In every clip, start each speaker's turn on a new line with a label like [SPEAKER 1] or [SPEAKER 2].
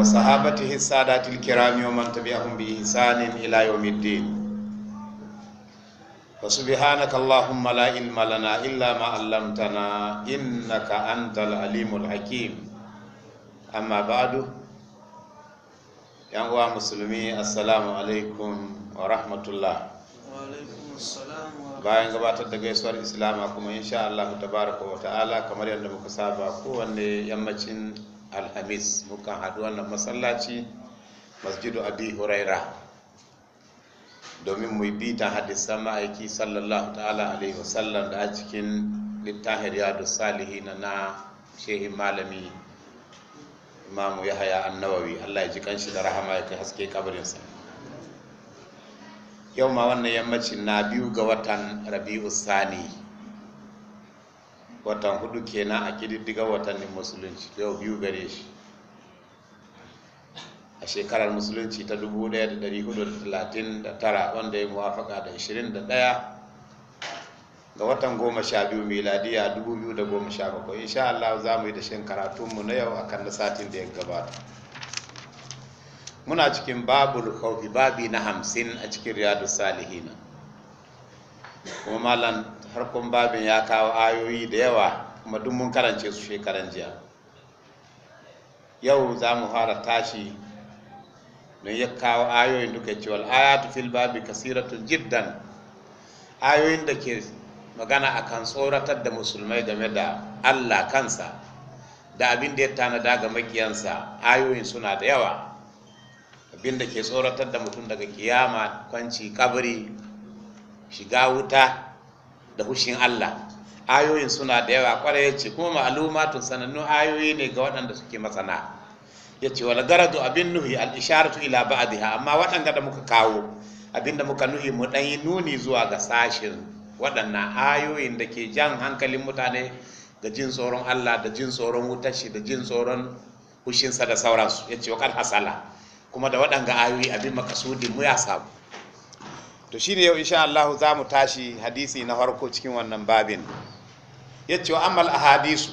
[SPEAKER 1] wa sahabatihi sadatil kirami wa man tabi'ahum bi ihsanin ila yawmiddin wa subhanaka allahumma la ilma lana illa ma 'allamtana innaka antal alimul hakim amma ba'du yan uwa musulmi assalamu alaikum wa rahmatullah bayan gabatar da gaisuwar islama kuma insha Allah tabaraka wa ta'ala kamar yadda muka saba kowanne yammacin alhamis mukan haɗu wannan masallaci masjidu abi huraira domin mu bi ta hadisan ma'aiki sallallahu ta'ala alaihi wasallam da a cikin littafin riyadu salihi na shehi malami imamu yahaya annawawi allah ya ji kanshi da rahama ya kai haske kabarinsa yau ma wannan yammacin na biyu ga watan rabi'u sani watan hudu kenan a kididdiga watannin musulunci yau biyu gare shi a shekarar musulunci ta 1439 wanda ya muwafaka da 21 ga watan 12 miladiya 2017 insha Allah za mu yi da shin karatunmu na yau kan na satin da ya gabata muna cikin babul khawfi babi na hamsin a cikin riyadu salihina kuma malam harkun babin ya kawo ayoyi da yawa kuma duk mun karance su shekaran jiya yau za mu fara tashi don ya kawo ayoyin duka cewa wal ayatu fil babi kasiratun jiddan ayoyin da ke magana akan tsoratar da musulmai game da Allah kansa da abin da ya tanada ga makiyansa ayoyin suna da yawa abin da ke tsoratar da mutum daga kiyama kwanci kabari shiga wuta da hushin Allah ayoyin suna da yawa kwarai ya ce kuma ma'alumatun sanannu ayoyi ne ga waɗanda suke masana ya ce wani, garadu abin nuhi al ilaba a ba'diha amma waɗanda da muka kawo abin da muka nuhi mu ɗan nuni zuwa ga sashin waɗannan ayoyin da ke jan hankalin mutane da jin tsoron Allah da jin tsoron wutar shi da jin tsoron hushinsa da sauransu ya ce wa kan hasala kuma da waɗanga ayoyi abin makasudin mu ya samu to shine yau insha Allah za mu tashi hadisi na farko cikin wannan babin ya ce wa amal ahadisu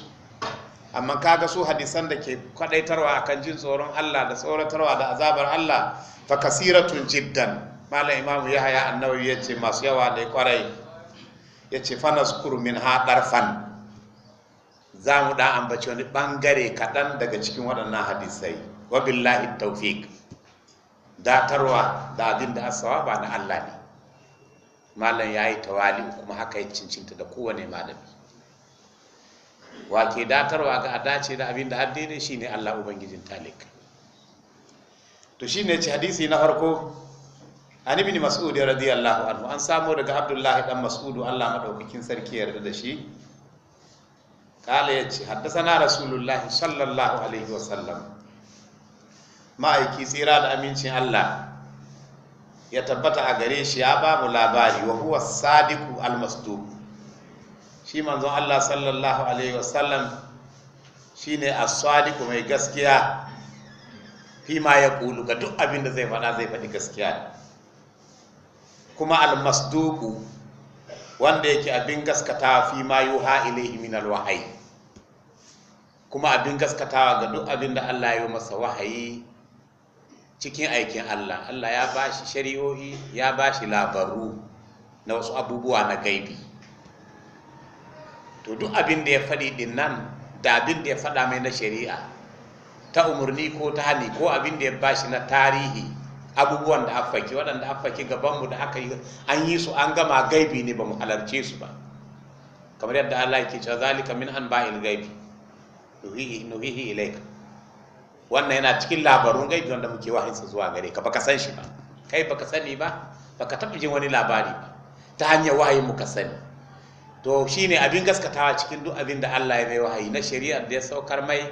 [SPEAKER 1] amma kaga su hadisan da ke kwadaitarwa kan jin tsoron Allah da tsoratarwa da azabar Allah fa kasiratun jiddan malam imamu yahaya annawi ya ce masu yawa da kwarai ya ce fa kurmin min fan. za mu da ambaci wani ɓangare kaɗan daga cikin waɗannan hadisai wa billahi tawfiq datarwa da abin da asawa ba na Allah ne malam ya yi tawali kuma haka ya cincinta da kowane malami wake datarwa ga a dace da abin da addini shine Allah ubangijin talik to shi ne ci hadisi na farko an ibn mas'ud radiyallahu anhu an samu daga abdullahi dan Mas'udu Allah maɗaukakin sarki yarda da shi kala haddasa na rasulullahi sallallahu alaihi wasallam ma'aiki tsira da amincin Allah ya tabbata a gare shi ya babu labari wa huwa sadiku almasduq shi manzon Allah sallallahu alaihi sallam shine as-sadiku mai gaskiya fi ma ya kulu ga duk abin da zai faɗa zai faɗi gaskiya kuma almasduku wanda yake abin gaskatawa fi ma yuha ilaihi min alwahyi kuma abin gaskatawa ga duk abin da Allah ya yi masa wahayi cikin aikin Allah Allah ya ba shi shari'o'i ya ba shi labaru na wasu abubuwa na gaibi to duk abin da ya faɗi din nan da abin da ya faɗa mai na shari'a ta umarni ko ta hali ko abin da ya ba shi na tarihi abubuwan da afaki waɗanda afaki gabanmu da aka yi an yi su an gama gaibi ne ba mu halarce su ba kamar yadda Allah yake cewa zalika min anba'il gaibi nuhihi nuhihi ilaika wannan yana cikin labarun gaibi wanda muke wahinsa zuwa gare ka baka san shi ba kai baka sani ba baka taɓa wani labari ba ta hanyar wahayin muka sani to shine abin gaskatawa cikin duk abin da Allah ya mai wahayi na shari'ar da ya saukar mai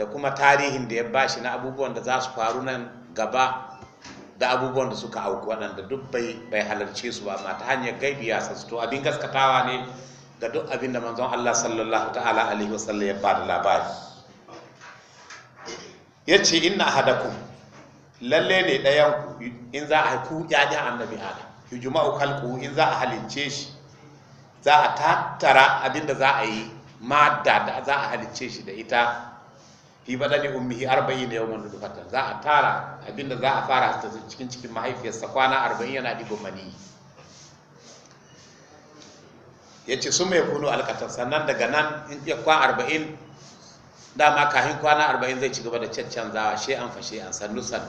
[SPEAKER 1] da kuma tarihin da ya bashi na abubuwan da za su faru nan gaba da abubuwan da suka auku waɗanda duk bai bai halarce su ba amma ta hanyar gaibi ya san to abin gaskatawa ne ga duk abin da manzon Allah sallallahu ta'ala alaihi wasallam ya bada labari ya ce hada ku lalle ne ɗayan ku in za a haiku ƴaƴan annabi adam yujma'u khalqu in za a halince shi za a tattara abinda za a yi madda da za a halince shi da ita fi badani ummihi 40 yawman da za a tara abinda za a fara ta cikin cikin mahaifiyarsa kwana arba'in yana digon mani yace su mai kunu alkatar sannan daga nan in ya kwa arba'in. dama kafin kwana arba'in zai ci gaba da zawa she an fashe an san nusan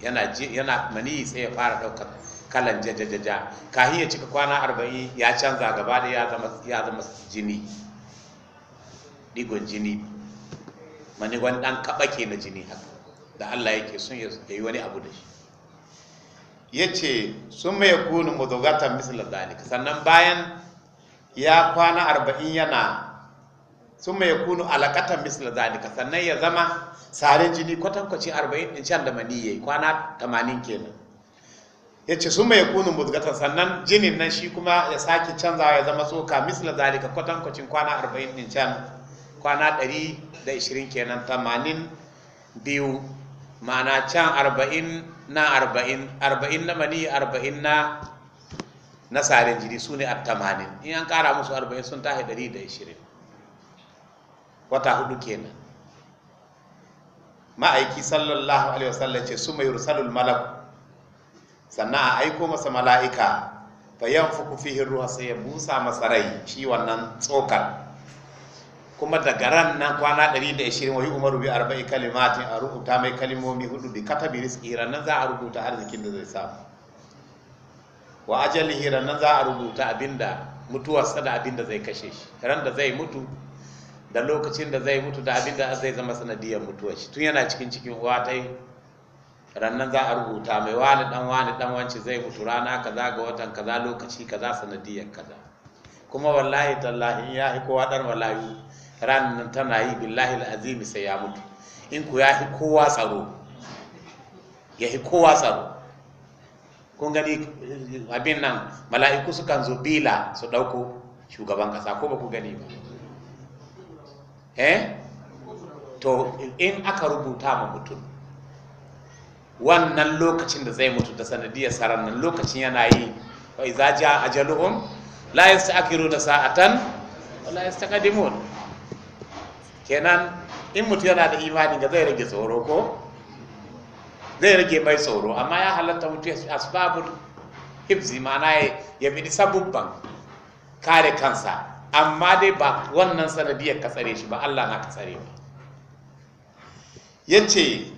[SPEAKER 1] yana yana mani sai ya fara ɗaukar kalan jajajaja kafin ya cika kwana arba'in ya canza gaba da ya zama jini digon jini mani wani ɗan kaɓake na jini haka da Allah yake son ya yi wani abu da shi ya ce sun mai kunu mudogatan misali zalika sannan bayan ya kwana arba'in yana sun mai kunu alaƙatan misla zalika sannan ya zama sarin jini kwatankwaci 40 in can da maniyyai kwana 80 kenan ya ce sun mai kunu musgatan sannan jinin nan shi kuma ya sake canzawa ya zama tsoka misla zalika kwatankwacin kwana 40 in can kwana 120 kenan biyu ma'ana can 40 na 40 40 na mani 40 na na sarin jini su ne a 80 in an kara musu 40 sun tahi 120 wata hudu kenan ma'aiki sallallahu alaihi wasallam ce su mai rusalul malaku sannan a aiko masa mala'ika fa yanfuku fihi ruha sai ya busa masa rai shi wannan tsokar kuma daga ran nan kwana 120 wa umaru bi arba'i kalimatin a rubuta mai kalimomi hudu bi katabi rizqi ranan za a rubuta arzikin da zai samu wa ajalihi ranan za a rubuta abinda mutuwarsa da abinda zai kashe shi ran da zai mutu da lokacin da zai mutu da abin da zai zama sanadiyar mutuwa shi tun yana cikin cikin uwa ta yi rannan za a rubuta mai wani dan wani dan wance zai mutu rana kaza ga watan kaza lokaci kaza sanadiyar kaza kuma wallahi tallahi ya yi kowa dan wallahi ranan tana yi billahi azimi sai ya mutu in ku ya yi kowa tsaro ya yi kowa tsaro kun gani abin nan mala'iku sukan zo bila su ɗauko shugaban ƙasa ko ba ku gani ba eh to in aka rubuta ma mutum wannan lokacin da zai mutu da sanadiyar saran nan lokacin yana yi wa iza ja ajaluhum la yasta'khiruna sa'atan wa la yastaqdimun kenan in mutu yana da imani ga zai rage tsoro ko zai rage mai tsoro amma ya halatta mutu asbabul hibzi ma'ana ya bi sabubban kare kansa amma dai ba wannan sanadiyar ka tsare shi ba Allah na ka tsare ba yace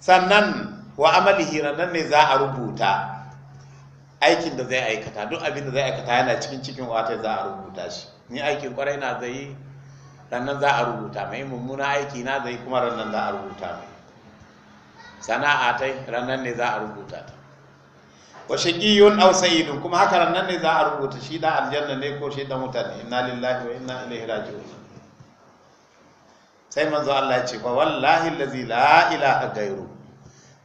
[SPEAKER 1] sannan wa amalihi nan ne za a rubuta aikin da zai aikata duk abin da zai aikata yana cikin cikin wata za a rubuta shi ni aikin kwarai na zai rannan za a rubuta mai mummuna aiki na zai kuma rannan za a rubuta mai sana'a tai rannan ne za a rubuta ta wa shaqiyun aw sa'idun kuma haka nan ne za a rubuta shi da aljanna ne ko shi da mutane inna lillahi wa inna ilaihi raji'un sai manzo Allah ya ce fa wallahi allazi la ilaha ghairu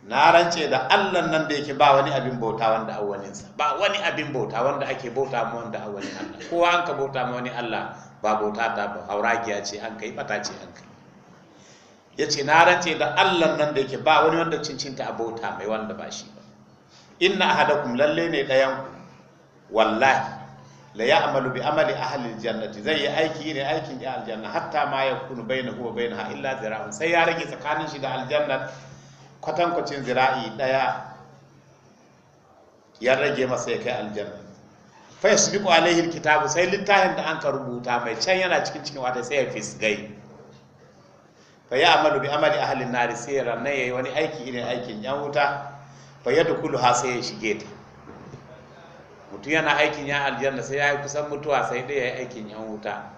[SPEAKER 1] na rance da Allah nan da yake ba wani abin bauta wanda awwalin sa ba wani abin bauta wanda ake bauta mu wanda awwalin Allah kowa an ka bauta mu wani Allah ba bauta ta ba hauragiya ce an kai bata ce an kai yace na rance da Allah nan da yake ba wani wanda cincinta a bauta mai wanda ba shi ba inna ahadakum lalle ne dayan wallahi la ya'malu bi amali ahli aljannati zai yi aiki ne aikin ya aljanna hatta ma yakunu bainahu wa bainaha illa zira'un sai ya rage tsakanin shi da aljanna kwatankwacin zira'i daya ya rage masa ya kai aljanna fa yasbiqu alaihi alkitabu sai littafin da an rubuta mai can yana cikin cikin wata sai ya fisgai fa ya'malu bi amali ahli an-nar sai ranan yayi wani aiki ne aikin yan wuta fa ya dukulu ha sai ya shige ta mutum yana aikin ya aljanna sai ya yi kusan mutuwa sai dai ya yi aikin yan wuta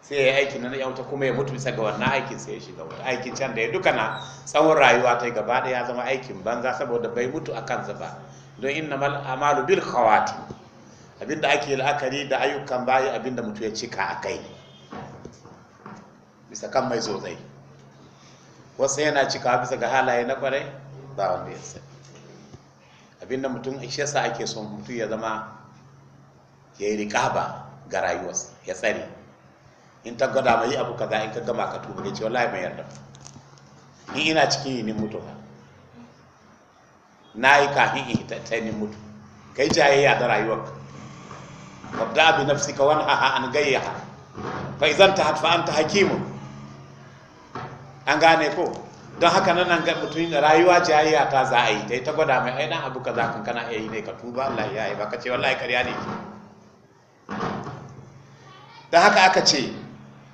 [SPEAKER 1] sai ya yi aikin na yan wuta kuma ya mutu bisa ga wannan aikin sai ya shiga wuta aikin can da ya duka na tsawon rayuwa ta gaba da ya zama aikin banza saboda bai mutu a kansa ba don inna mal amalu bil khawati abinda ake la'akari da ayyukan bayi abinda mutu ya cika a kai bisa kan mai zozai wasu yana cika bisa ga halaye na kwarai ba wanda ya sani abinda mutum shi yasa ake son mutum ya zama ya yi ba ga rayuwarsa ya tsare in ta gwada mai abu kaza in ka gama ka tuba ce wallahi mai yarda in ina cikin nin mutu na yi kafin in ta ta nin mutu kai jayayya da rayuwarka abu bi nafsika wani aha an ha fa idan ta hatfa an gane ko don haka nan nan mutum rayuwa ayi ta za a yi ta yi ta gwada mai ainihin abu ka za kana iya yi ne ka tuba Allah ya yi baka ce wallahi karya ne don haka aka ce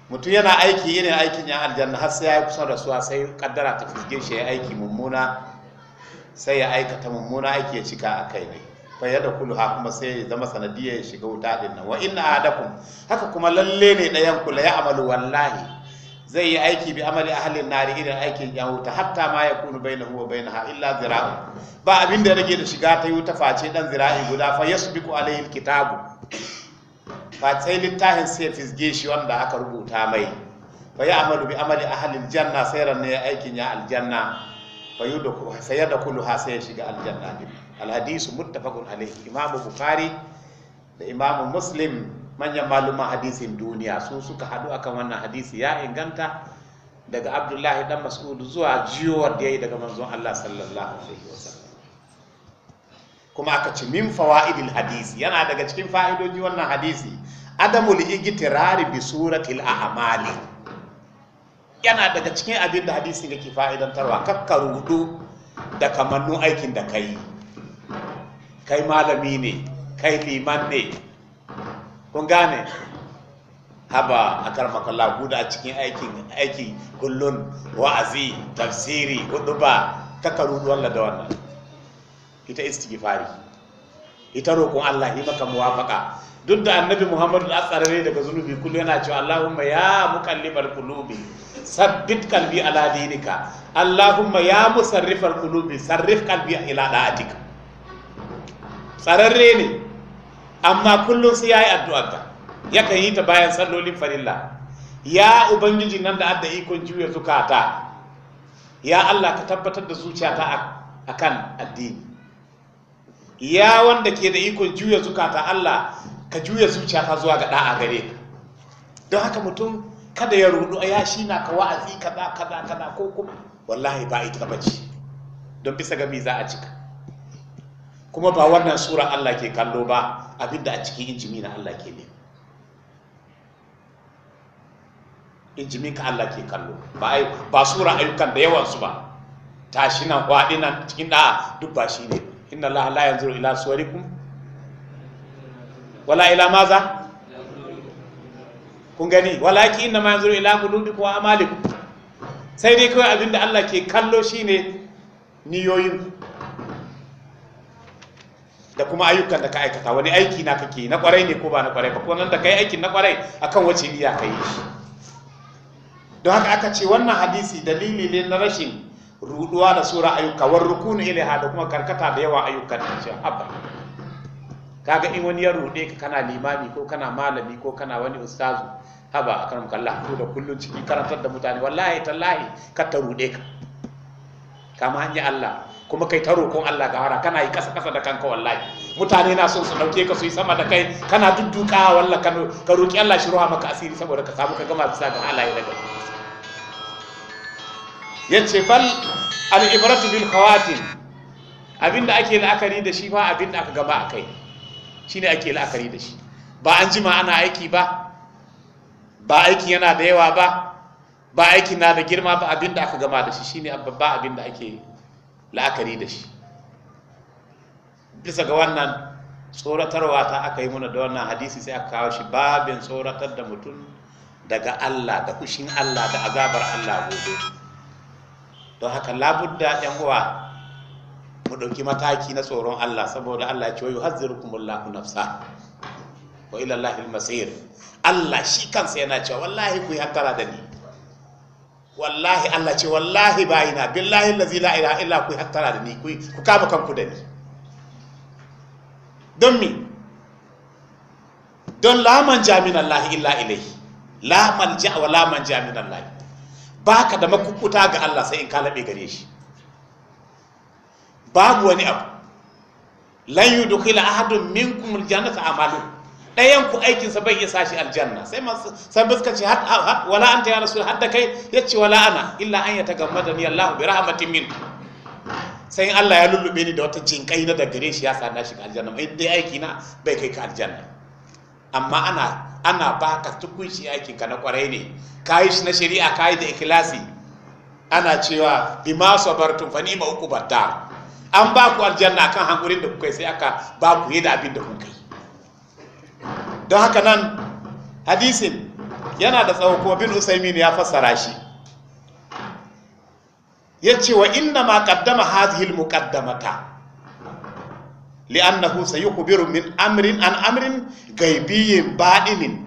[SPEAKER 1] mutum yana aiki irin aikin ya aljanna har sai ya yi kusa da suwa sai kaddara ta fuske shi ya aiki mummuna sai ya aikata mummuna aiki ya cika a kai ne fayya da kulu ha kuma sai ya zama sanadiyar ya shiga wuta din nan wa inna adakum haka kuma lalle ne ɗayan kula ya amalu wallahi zai yi aiki bi amali ahlin nari irin aikin ya wuta hatta ma ya kunu bai na huwa bai na illa zira'u ba abin da rage da shiga ta yi wuta face dan zira'i guda fa ya su ku alayin kitabu tsaye littafin sai fisge shi wanda aka rubuta mai fa ya amalu bi amali ahalin janna sai ran ya aikin ya aljanna fa sayar da Kulu ha sai shiga aljanna al hadisu muttafaqun alayhi imamu bukhari da imamu muslim manyan maluman hadisin duniya su suka haɗu kan wannan hadisi ya inganta daga abdullahi dan mas'ud zuwa jiyowar da ya yi daga manzon allah sallallahu alaihi wasallam kuma aka ci min fawaidil hadisi yana daga cikin fa'idoji wannan hadisi adamul igtirari bi suratil a'mali yana daga cikin abin da hadisi yake fa'idantarwa kakka rudu da kamannu aikin da kai kai malami ne kai liman ne kun gane haba a karmakalla guda a cikin aikin aiki kullun wa'azi tafsiri hudu ba takaru walla da wannan ita istighfari ita roƙon Allah yi maka muwafaka duk da annabi Muhammadu da tsarare daga zunubi kullu yana cewa Allahumma ya muqallibal qulubi sabbit qalbi ala dinika Allahumma ya musarrifal qulubi sarrif qalbi ila da'atika tsararre ne amma kullum sai ya yi addu'ar ta yakan yi ta bayan sallolin farilla ya ubangiji nan da adda ikon juya zukata ya Allah ka tabbatar da zuciyata a kan addini ya wanda ke da ikon juya zukata Allah ka juya zuciyata zuwa ga ɗa’a gare ka don haka mutum kada ya rudu a yashi na ka wa'azi kaza kaza kaza ko kuma wallahi ba ita bace don bisa gami za a cika kuma ba wannan sura Allah ke kallo ba abinda a cikin injimi na Allah ke ne injimin ka Allah ke kallo ba ba sura ayyukan da yawan su ba tashi nan kwaɗi nan cikin da duk ba shi ne inna Allah la yanzuru ila suwarikum wala ila maza kun gani walaki inna ma yanzuru ila qulubikum wa amalikum sai dai kawai abinda Allah ke kallo shine niyoyin da kuma ayyukan da ka aikata wani aiki na kake na kwarai ne ko ba na kwarai ba ko nan da kai aikin na kwarai akan wace niyya kai don haka aka ce wannan hadisi dalili ne na rashin ruduwa da sura ayyuka war rukun ilaiha da kuma karkata da yawa ayyukan da shi abba kaga in wani ya rude ka kana limami ko kana malami ko kana wani ustazu haba akan kallah to da kullun ciki karantar da mutane wallahi tallahi ka ta rude ka kama hanya Allah kuma kai ta roƙon Allah gawara kana yi ƙasa ƙasa da kanka wallahi mutane na son su ɗauke ka su yi sama da kai kana dudduka walla ka roƙi Allah shi ruwa maka asiri saboda ka samu ka gama bisa ga ya daga yace bal al ibratu bil khawatim abinda ake la'akari da shi ba abinda aka gaba akai shine ake la'akari da shi ba an jima ana aiki ba ba aiki yana da yawa ba ba aiki na da girma ba abinda aka gama da shi shine babba abinda ake yi. la'akari da shi bisa ga wannan tsoratarwa ta aka yi muna da wannan hadisi sai aka kawo shi babin tsoratar da mutum daga Allah da kushin Allah da azabar Allah gobe don haka labudda yan uwa mu ɗauki mataki na tsoron Allah saboda Allah ya ce wa yuhazzirukumullahu nafsa wa ila Allahil masir Allah shi kansa yana cewa wallahi ku yi hankala da ni wallahi Allah ce wallahi bayina billahi allazi la ilaha illa ku hattara da ni ku kama kanku da ni don mi don laman jamin Allah illa ilaihi laman ja wa laman manja min Allah baka da makukuta ga Allah sai in ka labe gare shi babu wani abu lan yudkhil ahadun minkum aljannata amalu ɗayan ku aikinsa bai iya sashi aljanna sai sabbi suka ce wala anta ya rasul hadda kai yace wala ana illa an ya tagammada ni Allah bi rahmatin min sai Allah ya lullube ni da wata jinkai na daga shi ya na shi aljanna mai dai aiki na bai kai ka aljanna amma ana ana baka shi aikin ka na kwarai ne kayi shi na shari'a kai da ikhlasi ana cewa bima sabartum fa uku uqubata an ba ku aljanna akan hankurin da kuka sai aka ba ku yi da abin da kuka don haka nan hadisin yana da tsawo kuma bin usaimin ya fassara shi ya ce wa inna ma kaddama hazihil muqaddamata li'annahu kubiru min amrin an amrin gaibiyin ba'inin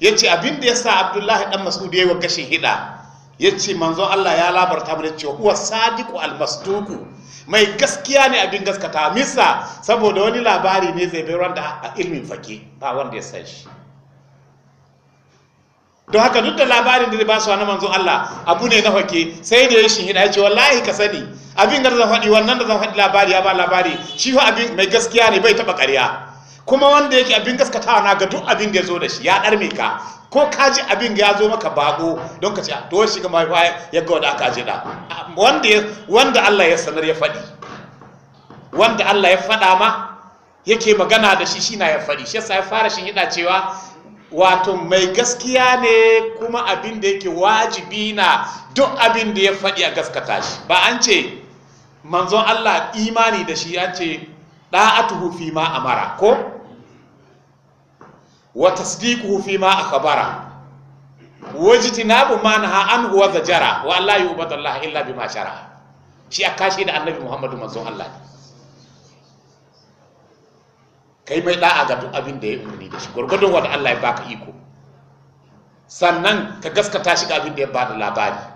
[SPEAKER 1] yace abin da sa Abdullahi dan Mas'ud yayi wa kashin hida ya ce manzon Allah ya labarta mu da cewa huwa sadiku almasduku mai gaskiya ne abin gaskata misa saboda wani labari ne zai bai wanda a ilmin fake ba wanda ya san shi don haka duk da labarin da zai ba su wani manzon Allah abu ne na fake sai da ya shi hida ya ce wallahi ka sani abin da zan faɗi wannan da zan faɗi labari ya ba labari shi fa abin mai gaskiya ne bai taba ƙarya kuma wanda yake abin gaskatawa na ga duk abin da ya zo da shi ya mai ka ko kaji abin ya zo maka bako don ka ce ah, to shiga mai ya ga wanda aka jida ah, wanda wanda Allah ya sanar ya faɗi wanda Allah ya faɗa ma yake magana da shi shi na ya faɗi shi yasa ya fara shin hida cewa wato mai gaskiya ne kuma abin da yake wajibi na duk abin da ya faɗi a gaskata shi ba an ce manzon Allah imani da shi an ce da'atuhu fi ma amara ko wa tasdiquhu fi ma akhbara wajtinabu ma naha anhu wa zajara wa la yubadu Allah illa bima shara shi Akashi da annabi Muhammadu manzo Allah kai mai da'a ga duk abin da ya umarni da shi gurgurdun wanda Allah ya baka iko sannan ka gaskata shi ga abin da ya bada labari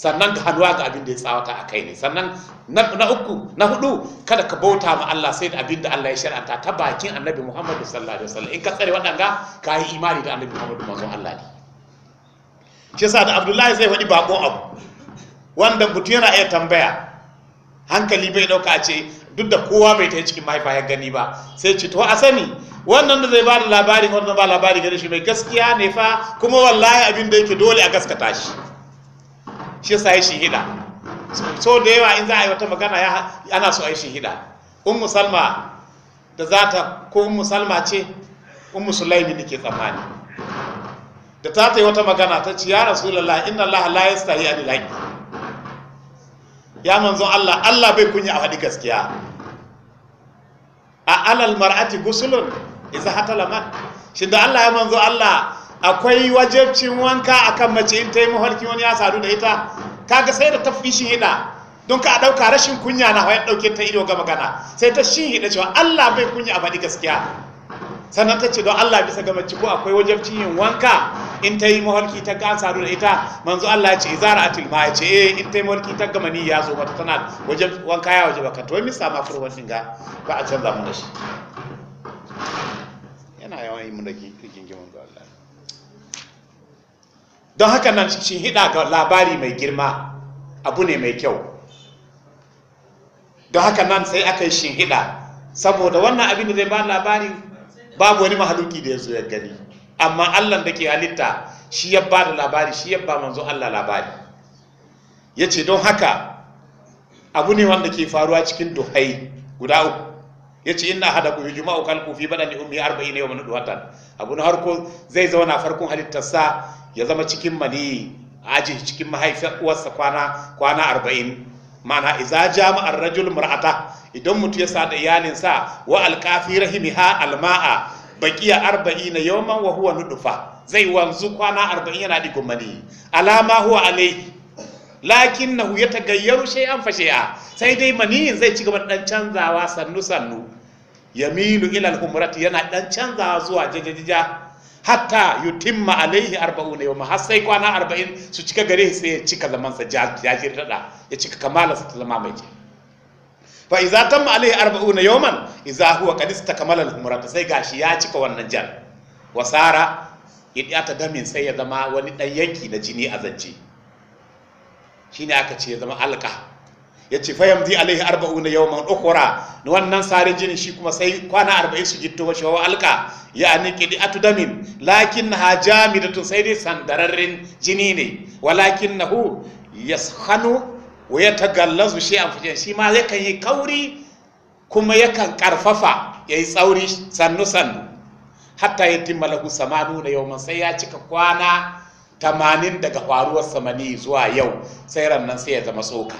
[SPEAKER 1] sannan ka hannuwa ga abin da ya tsawata a kai ne sannan na uku na hudu kada ka bauta ma Allah sai da abin da Allah ya shar'anta ta bakin annabi Muhammadu sallallahu alaihi wasallam in ka tsare waɗanga ka yi imani da annabi Muhammadu manzon Allah ne shi yasa da Abdullahi zai faɗi bako abu wanda mutum yana iya tambaya hankali bai dauka a ce duk da kowa bai ta cikin mahaifa ya gani ba sai ce to a sani wannan da zai bada labari wannan ba labari gare shi mai gaskiya ne fa kuma wallahi abin da yake dole a gaskata shi shi yasa yi shihida so da yawa in za a yi wata magana ya ana so a yi shihida Un musalma da za ta ko un musalma ce un musulaini da ke tsammani da ta ta yi wata magana ta ci ya rasulullah inna allah la yastahi anil haqq ya manzon Allah Allah bai kunya a faɗi gaskiya a alal mar'ati gusulun idza hatala man shi da Allah ya manzo Allah akwai wajabcin wanka akan mace in ta yi mahalki wani ya sadu da ita kaga sai da ta fi shi hida don ka ɗauka rashin kunya na hawa ɗauke ta ido ga magana sai ta shi hida cewa Allah bai kunya a faɗi gaskiya sannan ta ce don Allah bisa ga mace ko akwai wajabcin yin wanka in ta yi mahalki ta ga sadu da ita manzo Allah ya ce izara atil ma ya ce eh in ta yi mahalki ta gama ni ya zo mata tana wajab wanka ya wajaba ka to mi sama furwan dinga ba a canza mun da shi yana yawan yi mu da don haka nan shi hida ga labari mai girma abu ne mai kyau don haka nan sai aka yi hida saboda wannan abin da zai ba labari babu wani mahaluki da ya zo ya gani amma allah da ke halitta shi ya ba da labari shi ya ba manzo allah labari ya ce don haka abu ne wanda ke faruwa cikin duhai guda uku yace inna hadaku yujma'u kalku fi badani ummi 40 yawman duwatan abu na harko zai zauna farkon sa ya zama cikin mani aji cikin mahaifiyar uwarsa kwana kwana 40 mana idza jama'a rajul mar'ata idan mutu ya sada iyalinsa wa alqafi rahimiha alma'a baqiya 40 yawman wa huwa nudufa zai wanzu kwana 40 yana digon mani alama huwa alai lakin ta gayyaru shai an fashe a sai dai maniyin zai ci gaba dan canzawa sannu sannu yamilu milu ilal humrati yana dan canzawa zuwa jajajaja. hatta yutimma alaihi ne yawma har sai kwana arba'in su cika gare sai ya cika zaman sa jajir dada ya cika kamala sa ta zama mai ji fa idza tamma alaihi ne yawman iza huwa qad istakamala al-humrata sai gashi ya cika wannan jan wasara ya ta damin sai ya zama wani dan yanki na jini a zance shine aka ce ya zama alka ya ce di alaihi man ukura Na wannan sare jini shi kuma sai kwana arba'in su gitto wa shawa alka ya ani qidi atudamin da tun sai dai sandararren jini ne walakinnahu ya wa waya ta gallazu shi Shi ma yakan yi kauri kuma yakan karfafa yi tsauri sannu sannu hatta samanu na yau man sai ya cika kwana tamanin daga faruwar samani zuwa yau sai nan sai ya zama tsoka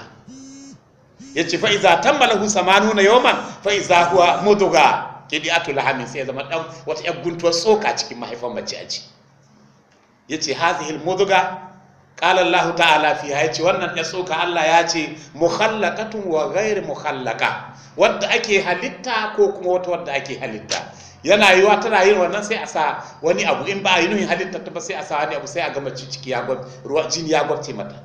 [SPEAKER 1] ya ce fa'iza malahu samanu na yoman fa'iza huwa ke di atul lahamin sai ya zama ɗan wata yan guntuwar tsoka cikin mahaifan mace a ci ya ce hazihil muduga ƙalar lahu ta'ala fiha ya ce wannan ya tsoka allah ya ce tun wa gairi muhallaka wadda ake halitta ko kuma wata wadda ake halitta yana wa tana yin wannan sai a sa wani abu in ba a yi nuhin halitta ta ba sai a sa wani abu sai a gama ciki ya ruwa jini ya gwabce mata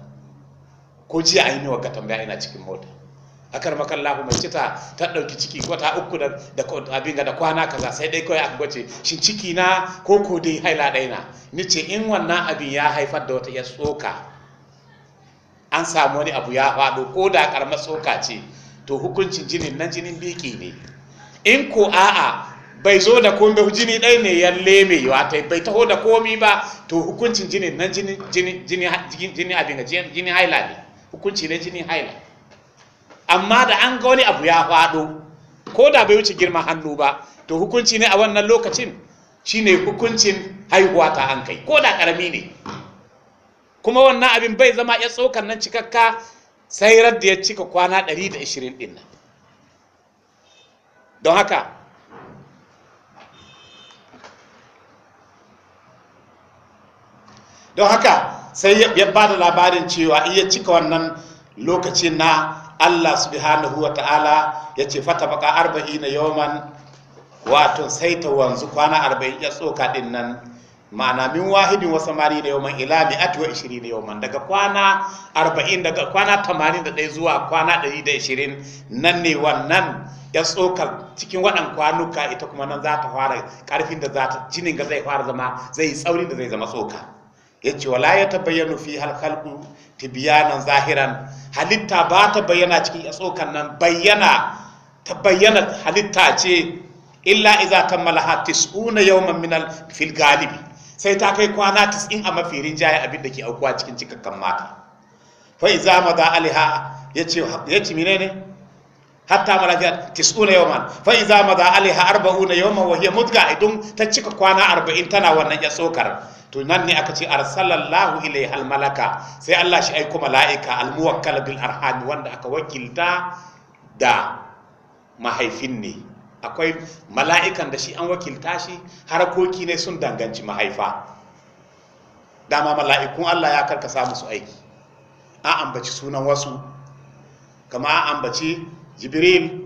[SPEAKER 1] ko jiya a yi mi wagga tambaya ina cikin mota akar makallahu mai cita ta dauki ciki ta uku da abin ga da kwana kaza sai dai kawai aka gwace shin ciki na ko ko dai haila dai na ni ce in wannan abin ya haifar da wata ya tsoka an samu wani abu ya faɗo ko da karamar tsoka ce to hukuncin jinin nan jinin biki ne in ko a'a bai zo da komai jini ɗai ne ya leme wata bai taho da komi ba to hukuncin jini na jini jini jini jini abin jini haila ne hukunci na jini haila amma da an ga wani abu ya faɗo ko da bai wuce girman hannu ba to hukunci ne a wannan lokacin shine hukuncin haihuwa ta an kai ko da ƙarami ne kuma wannan abin bai zama ya tsokan nan cikakka sai da ya cika kwana 120 ɗin nan don haka don haka sai ya ba da labarin cewa iya cika wannan lokacin na Allah subhanahu wa ta'ala ya ce fata baka arba'in na yawman wato sai ta wanzu kwana arba'in ya tsoka din nan ma'ana min wahidin wasu mari na yawman ila mi ati wa ishirin na yawman daga kwana arba'in daga kwana tamanin da ɗaya zuwa kwana ɗari da ishirin nan ne wannan ya tsoka cikin waɗan kwanuka ita kuma nan za ta fara ƙarfin da za ta jinin ga zai fara zama zai yi tsauri da zai zama tsoka yace wala ya tabayyanu fi ta biya nan zahiran halitta ba ta bayyana cikin tsokan nan bayyana ta bayyana halitta ce illa iza malaha tis'una yawman min fil galibi sai ta kai kwana tis'in a mafi rinjaye abin da ke aukuwa cikin cikakkan mata fa iza madha alaiha yace yace menene hatta malakat tis'una yawman fa iza madha aliha arba'una yawman wa hiya mudga idan ta cika kwana arba'in tana wannan ya tsokar to nan ne aka ce arsalallahu ilai malaka sai Allah shi aiko mala'ika almuwakkal bil arhami wanda aka wakilta da mahaifin ne akwai mala'ikan da shi an wakilta shi harakoki ne sun danganci mahaifa dama mala'ikun Allah ya karka samu su aiki an ambaci sunan wasu kama a ambaci jibril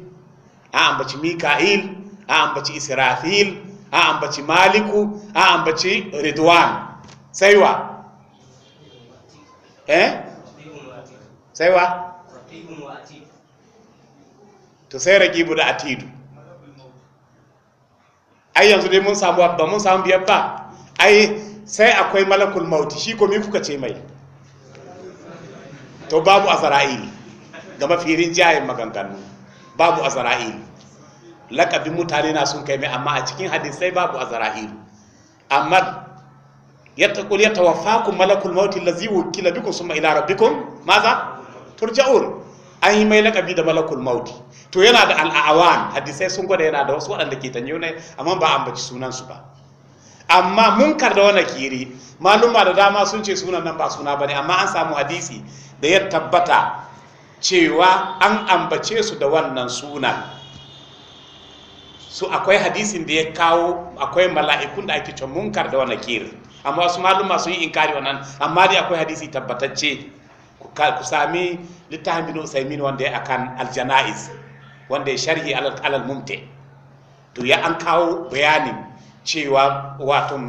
[SPEAKER 1] an ambaci mika'il an ambaci israfil a ambaci maliku a ambaci ridwan saiwa eh saiwa to sai rakibu da atidu ai yanzu dai mun samu ba mun samu biyar ba ai sai akwai malakul mauti shi ko min kuka ce mai to babu azra'il ga mafirin jayin maganganu babu azra'il lakabin mutane na sun kai mai amma a cikin hadisai babu zarahiru amma yattaqul yatawaffakum malakul maut allazi wukila bikum summa ila rabbikum maza turja'ur an yi mai lakabi da malakul mawuti to yana da al'awan hadisai sun gwada yana da wasu waɗanda ke tanyo ne amma ba ambaci sunan su ba amma munkar da wani kiri maluma da dama sun ce sunan nan ba suna ba ne amma an samu hadisi da ya tabbata cewa an ambace su da wannan sunan su akwai hadisin da ya kawo akwai mala'ikun da ake cewa munkar da wani nakir amma wasu maluma sun yi inkari wannan amma dai akwai hadisi tabbatacce ku sami littafin bin usaimin wanda ya akan aljana'iz wanda ya sharhi alal mumte to ya an kawo bayanin cewa wato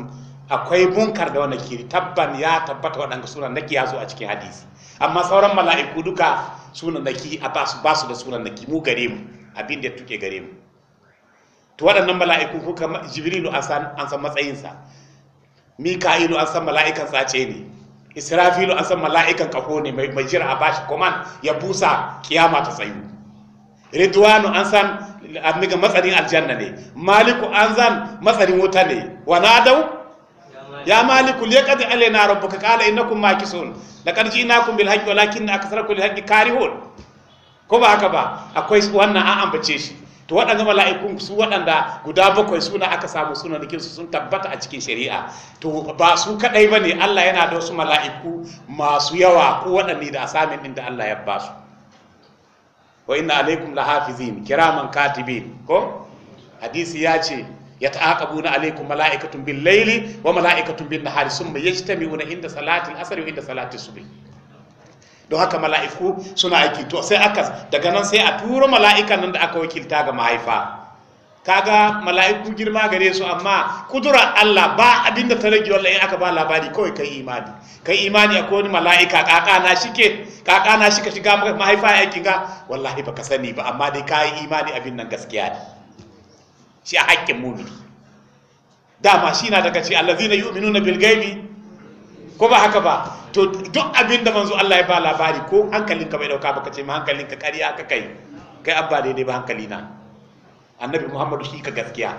[SPEAKER 1] akwai munkar da wani nakiri tabban ya tabbata waɗanda sunan naki ya zo a cikin hadisi amma sauran mala'iku duka sunan naki a ba su da sunan naki mu gare mu abin da tuke gare mu to waɗannan mala'iku ko kama jibrilu an san matsayinsa mika'ilu an san mala'ikan tsace ne israfilu an san mala'ikan kaho ne mai jira a bashi koman ya busa kiyama ta tsayu ridwanu an san amiga matsarin aljanna ne maliku an san matsarin wuta ne wa nadau ya maliku liqad alaina rabbuka qala innakum makisun laqad ji'nakum bil haqqi walakin aksarakum lil haqqi karihun ko ba haka ba akwai wannan an ambace shi to waɗanda mala'ikun su waɗanda guda bakwai suna aka samu suna da sun tabbata a cikin shari'a to ba su kaɗai ba ne Allah yana da wasu mala'iku masu yawa ko waɗanne da asamin ɗin da Allah ya ba su wa inna alaikum la hafizin kiraman katibin ko hadisi ya ce ya alaikum laili يتعاقبون عليكم ملائكة بالليل ta بالنهار ثم يجتمعون عند صلاة العصر inda صلاة الصبح don haka mala'iku suna aiki to sai aka daga nan sai a turo mala'ikan nan da aka wakilta ga mahaifa kaga mala'iku girma gare su amma kudura Allah ba abin da ta rage in aka ba labari kawai kai imani kai imani akwai wani mala'ika kaka na shike kaka na shika shiga mahaifa aiki ga wallahi baka sani ba amma dai kai imani abin nan gaskiya ne shi a haƙƙin mumini dama shi na daga ce allazina yu'minuna bil ghaibi ko ba haka ba to duk abin da manzo Allah ya ba labari ko hankalinka bai dauka ba kace ma hankalinka kariya ka kai kai abba dai ba hankali na annabi muhammadu shi ka gaskiya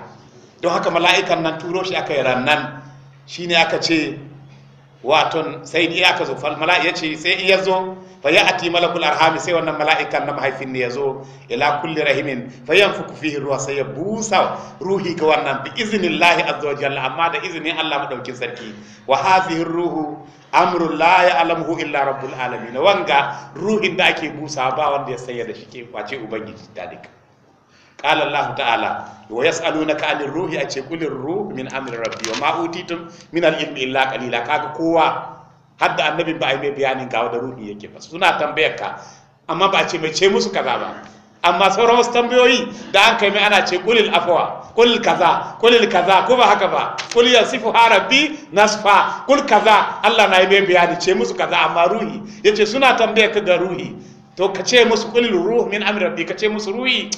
[SPEAKER 1] don haka mala'ikan nan turo shi aka yi rannan shine aka ce waton sai ni aka zo fal mala'ika ce sai in yazo fa ati malakul arham sai wannan mala'ikan na mahaifin ne yazo ila kulli rahimin fa yanfuku fihi ruwa sai ya busa ruhi ga wannan bi iznillahi azza wa jalla amma da izinin Allah madaukin sarki wa hadhihi ruhu amru la ya'lamuhu illa rabbul alamin wanga ruhin da ake busa ba wanda ya sayyada da shi ke kwace ubangiji ta qala allah ta'ala wa na 'anil ruhi a ce qulir ruh min amri rabbi wa ma utitum min al-ilmi illa qalila kaga kowa hadda annabin ba a yi mai bayanin ga da ruhi yake ba suna tambayar ka amma ba a ce mai ce musu kaza ba amma sauran wasu tambayoyi da an kai mai ana ce kulil afawa kulil kaza kulil kaza ko ba haka ba kul yasifu harabi nasfa kul kaza Allah na yi mai bayani ce musu kaza amma ruhi yace suna tambaya ka ga ruhi to ka ce musu kulil ruhi min amri rabbi ka ce musu ruhi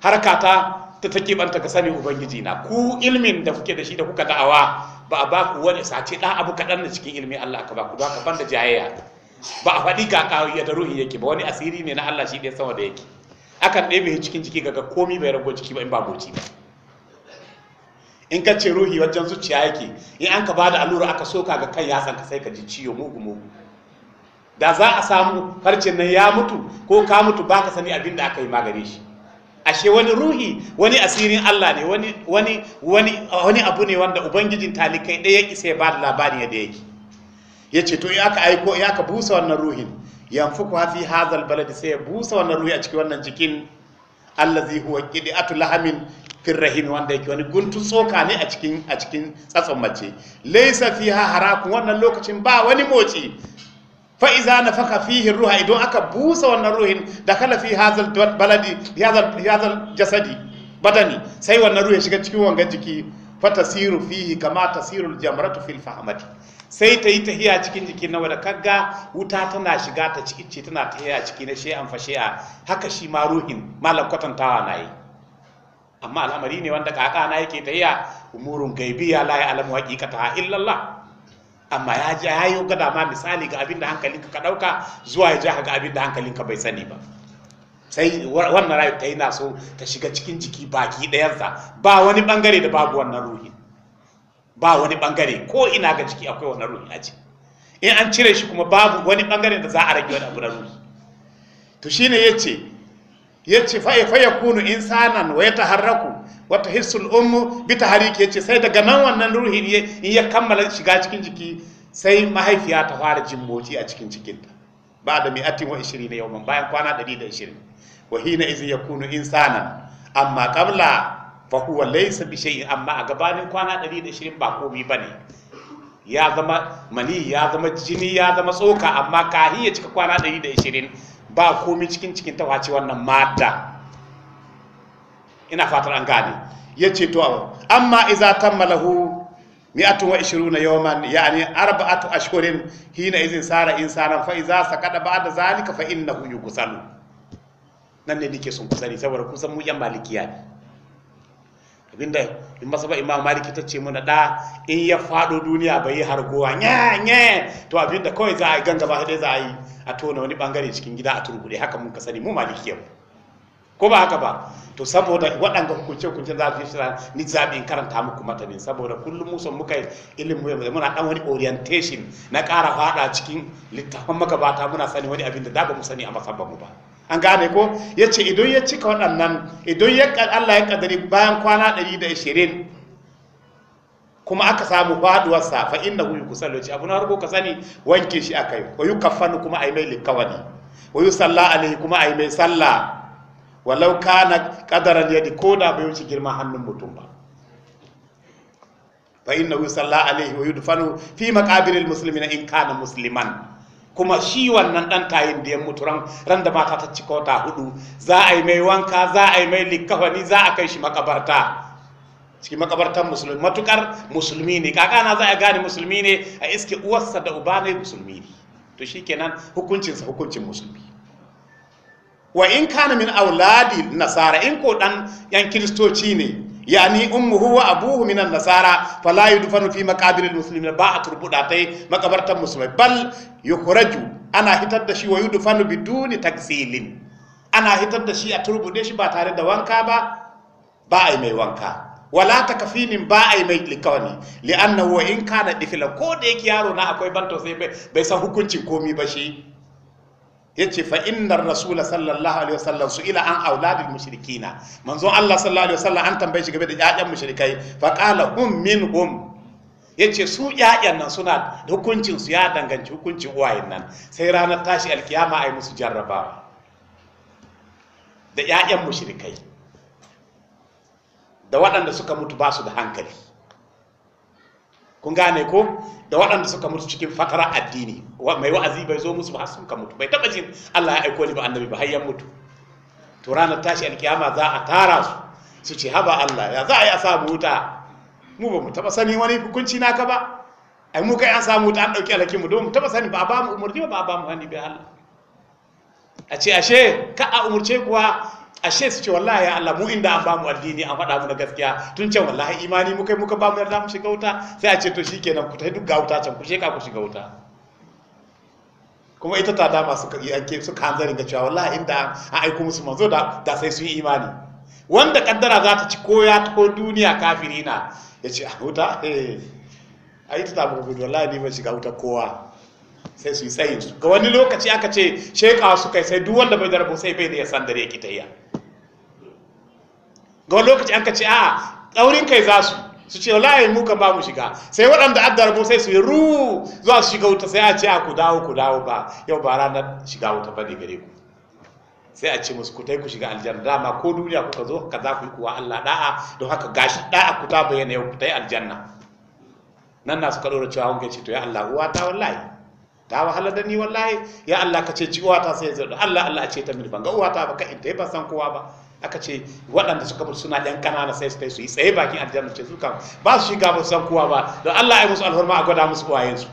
[SPEAKER 1] harka ta ta take banta ka sani ubangiji na ku ilmin da kuke da shi da kuka da'awa ba a ba ku wani sace dan abu kadan da cikin ilmi Allah ka ba ku ba ka banda jayayya ba a faɗi ga ya da ruhi yake ba wani asiri ne na Allah shi ɗaya sama da yake akan ɗebe cikin ciki ga komi bai rago ciki ba in ba goci ba in ka ce ruhi wajen zuciya yake in an ka bada allura aka soka ga kan yatsan ka sai ka ji ciwo mugu mugu da za a samu farcen nan ya mutu ko ka mutu baka sani abin da aka yi magani shi ashe wani ruhi wani asirin Allah ne wani abu ne wanda ubangijin talikai ɗaya yake sai ba da labari ya yake ya ce to ya ka aiko in aka busa wannan ruhin yanfuku hafi hazal baladi sai ya busa wannan ruhi a cikin wannan jikin allazi huwa qidiatu lahamin firrahim wanda yake wani guntun tsoka ne a cikin a cikin tsatson mace laysa fiha harakun wannan lokacin ba wani motsi Fa'iza iza nafaka fihin ruha idan aka busa wannan ruhin da kala fi hazal baladi hazal jasadi badani sai wannan ruhi shiga cikin wangan jiki fa tasiru fihi kama tasirul jamratu fil fahamati sai ta yi tahiya cikin jiki na wadda kaga wuta tana shiga ta ciki ce tana tahiya ciki na shi'an fa shi'a haka shi ma ruhin malam kwatantawa na yi amma al'amari ne wanda aka na yake tahiya umurun gaibiya la ya alamu hakikata illallah amma ya ji ya yi gada ma misali ga abin da hankalinka ka ɗauka zuwa ya ja ga abin da hankalinka bai sani ba sai wannan rayu ta yana so ta shiga cikin jiki baki ɗayansa ba wani ɓangare da babu wannan ruhi ba wani ɓangare ko ina ga jiki akwai wannan ruhi a ciki in an cire shi kuma babu wani ɓangare da za a rage wani abu na ruhi to shine ya ce yace fa fa yakunu insanan wa yataharraku wa tahissul ummu bi tahriki yace sai daga nan wannan ruhi ne in ya kammala shiga cikin jiki sai mahaifiya ta fara jin motsi a cikin cikinta ba da atin wa 20 yawman bayan kwana 120 wa hina iz yakunu insanan amma qabla fa huwa laysa bi shay'in amma a gabanin kwana 120 ba komai bane ya zama mani ya zama jini ya zama tsoka amma kahi ya cika kwana 120 ba komai cikin cikin ta wace wannan mata ina fatar an gane ya ce to amma iza tammalahu mi'atun wa ishiruna yawman yani arba'atu ashhurin hina izin sara insanan fa iza sakada ba'da zalika fa innahu yughsalu nan ne nake son ku saboda kusan mu yan malikiya ne inda ba imam maliki ta ce mana da in ya fado duniya bai yi hargowa nya nya to abin da kawai za a ganga ba dai za a yi a tona wani bangare cikin gida a turbude haka mun ka sani mu yau ko ba haka ba to saboda waɗanda hukunce hukunce za su shirar ni zaɓi in karanta muku mata ne saboda kullum musan muka yi ilimin mu muna dan wani orientation na ƙara faɗa cikin littafin magabata muna sani wani abin da da ba mu sani a masabban mu ba an gane ko ya ce idan ya cika waɗannan idan ya Allah ya kadari bayan kwana 120 kuma aka samu faduwar sa fa innahu yusallu abu na harko ka sani wanke shi akai wa yukaffanu kuma ai mai likawani wa yusalla alaihi kuma ai mai sallah walau kana qadaran yadi da bai wuce girman hannun mutum ba fa innahu yusalla alaihi wa yudfanu fi maqabiril muslimina in kana musliman kuma shi wannan ɗan tayin da ya mutu ran da mata ta cika wata hudu za a yi mai wanka za a yi mai likafani za a kai shi makabarta cikin makabartan musulmi matukar musulmi ne na za a gane musulmi ne a iske uwarsa da uba ne musulmi ne to shi hukuncinsa hukuncin musulmi wa in kana min auladi nasara in ko dan yan kiristoci ne yani ummuhu wa abuhu minan nasara fala yudfanu fi maqabir almuslimin ba a turbuda tai makabartan musulmai bal yukhraju ana hitar da shi wa yudfanu biduni taksilin ana hitar da shi a turbude shi ba tare da wanka ba ba ai mai wanka wala takafinin ba ai mai likawani li'annahu in kana difila ko da yake yaro na akwai banto sai bai san hukuncin komi ba shi yace fa innar rasul sallallahu alaihi wasallam su ila an auladil mushrikina manzo Allah sallallahu alaihi wasallam an tambaye shi game da ƴaƴan mushrikai fa qala hum minhum yace su ƴaƴan nan suna hukuncin su ya danganci hukuncin uwayen nan sai ranar tashi alkiyama ai musu jarraba da ƴaƴan mushrikai da waɗanda suka mutu ba su da hankali kun gane ko da waɗanda suka mutu cikin fatara addini mai wa'azi bai zo musu ba sun ka mutu bai taɓa jin Allah ya aiko ni ba annabi ba har yan mutu to ranar tashi alkiyama za a tara su su ce haba Allah ya za a yi a samu wuta mu ba mu taɓa sani wani hukunci naka ba ai mu kai an samu wuta an ɗauki alhakin mu don mu taɓa sani ba a ba mu umarni ba ba a ba mu hani bai Allah a ce ashe ka a umarce kuwa ashe su ce wallahi ya Allah mu inda an bamu addini an faɗa mu da gaskiya tun ce wallahi imani muka muka bamu yarda mu shiga wuta sai a ce to shikenan ku tai duk ga wuta can ku sheka ku shiga wuta kuma ita ta dama suka yanke suka hanzarin ga cewa wallahi inda an aiko musu manzo da da sai su yi imani wanda kaddara za ta ci ko ya ko duniya kafiri na ya ce a ah, wuta eh. a ita ta mu gudu wallahi ni ban shiga wuta kowa sai su yi tsayin ga wani lokaci aka ce shekawa su kai sai duk wanda bai da sai bai da ya san dare ya kitayya ga wani lokaci an ka ce a tsaurin kai za su su ce wallahi mu kan ba mu shiga sai waɗanda addar darbo sai su yi ru zuwa su shiga wuta sai a ce a ku dawo ku dawo ba yau ba ranar shiga wuta ba ne gare ku sai a ce musu ku ku shiga aljanna dama ko duniya kuka zo ka za ku yi kuwa Allah da'a don haka gashi da'a ku ta bayyana yau ku yi aljanna nan na suka ɗora cewa wanke ce to ya Allah uwa ta wallahi ta wahala da ni wallahi ya Allah ka ce ci uwa ta sai zo Allah Allah a ce ta min ban ga uwa ta ba ka in yi ba san kowa ba aka ce waɗanda suka bar suna ɗan ƙanana sai su su yi tsaye bakin aljanna ce su kan ba su shiga ba san kowa ba don Allah ya musu alhurma a gwada musu su.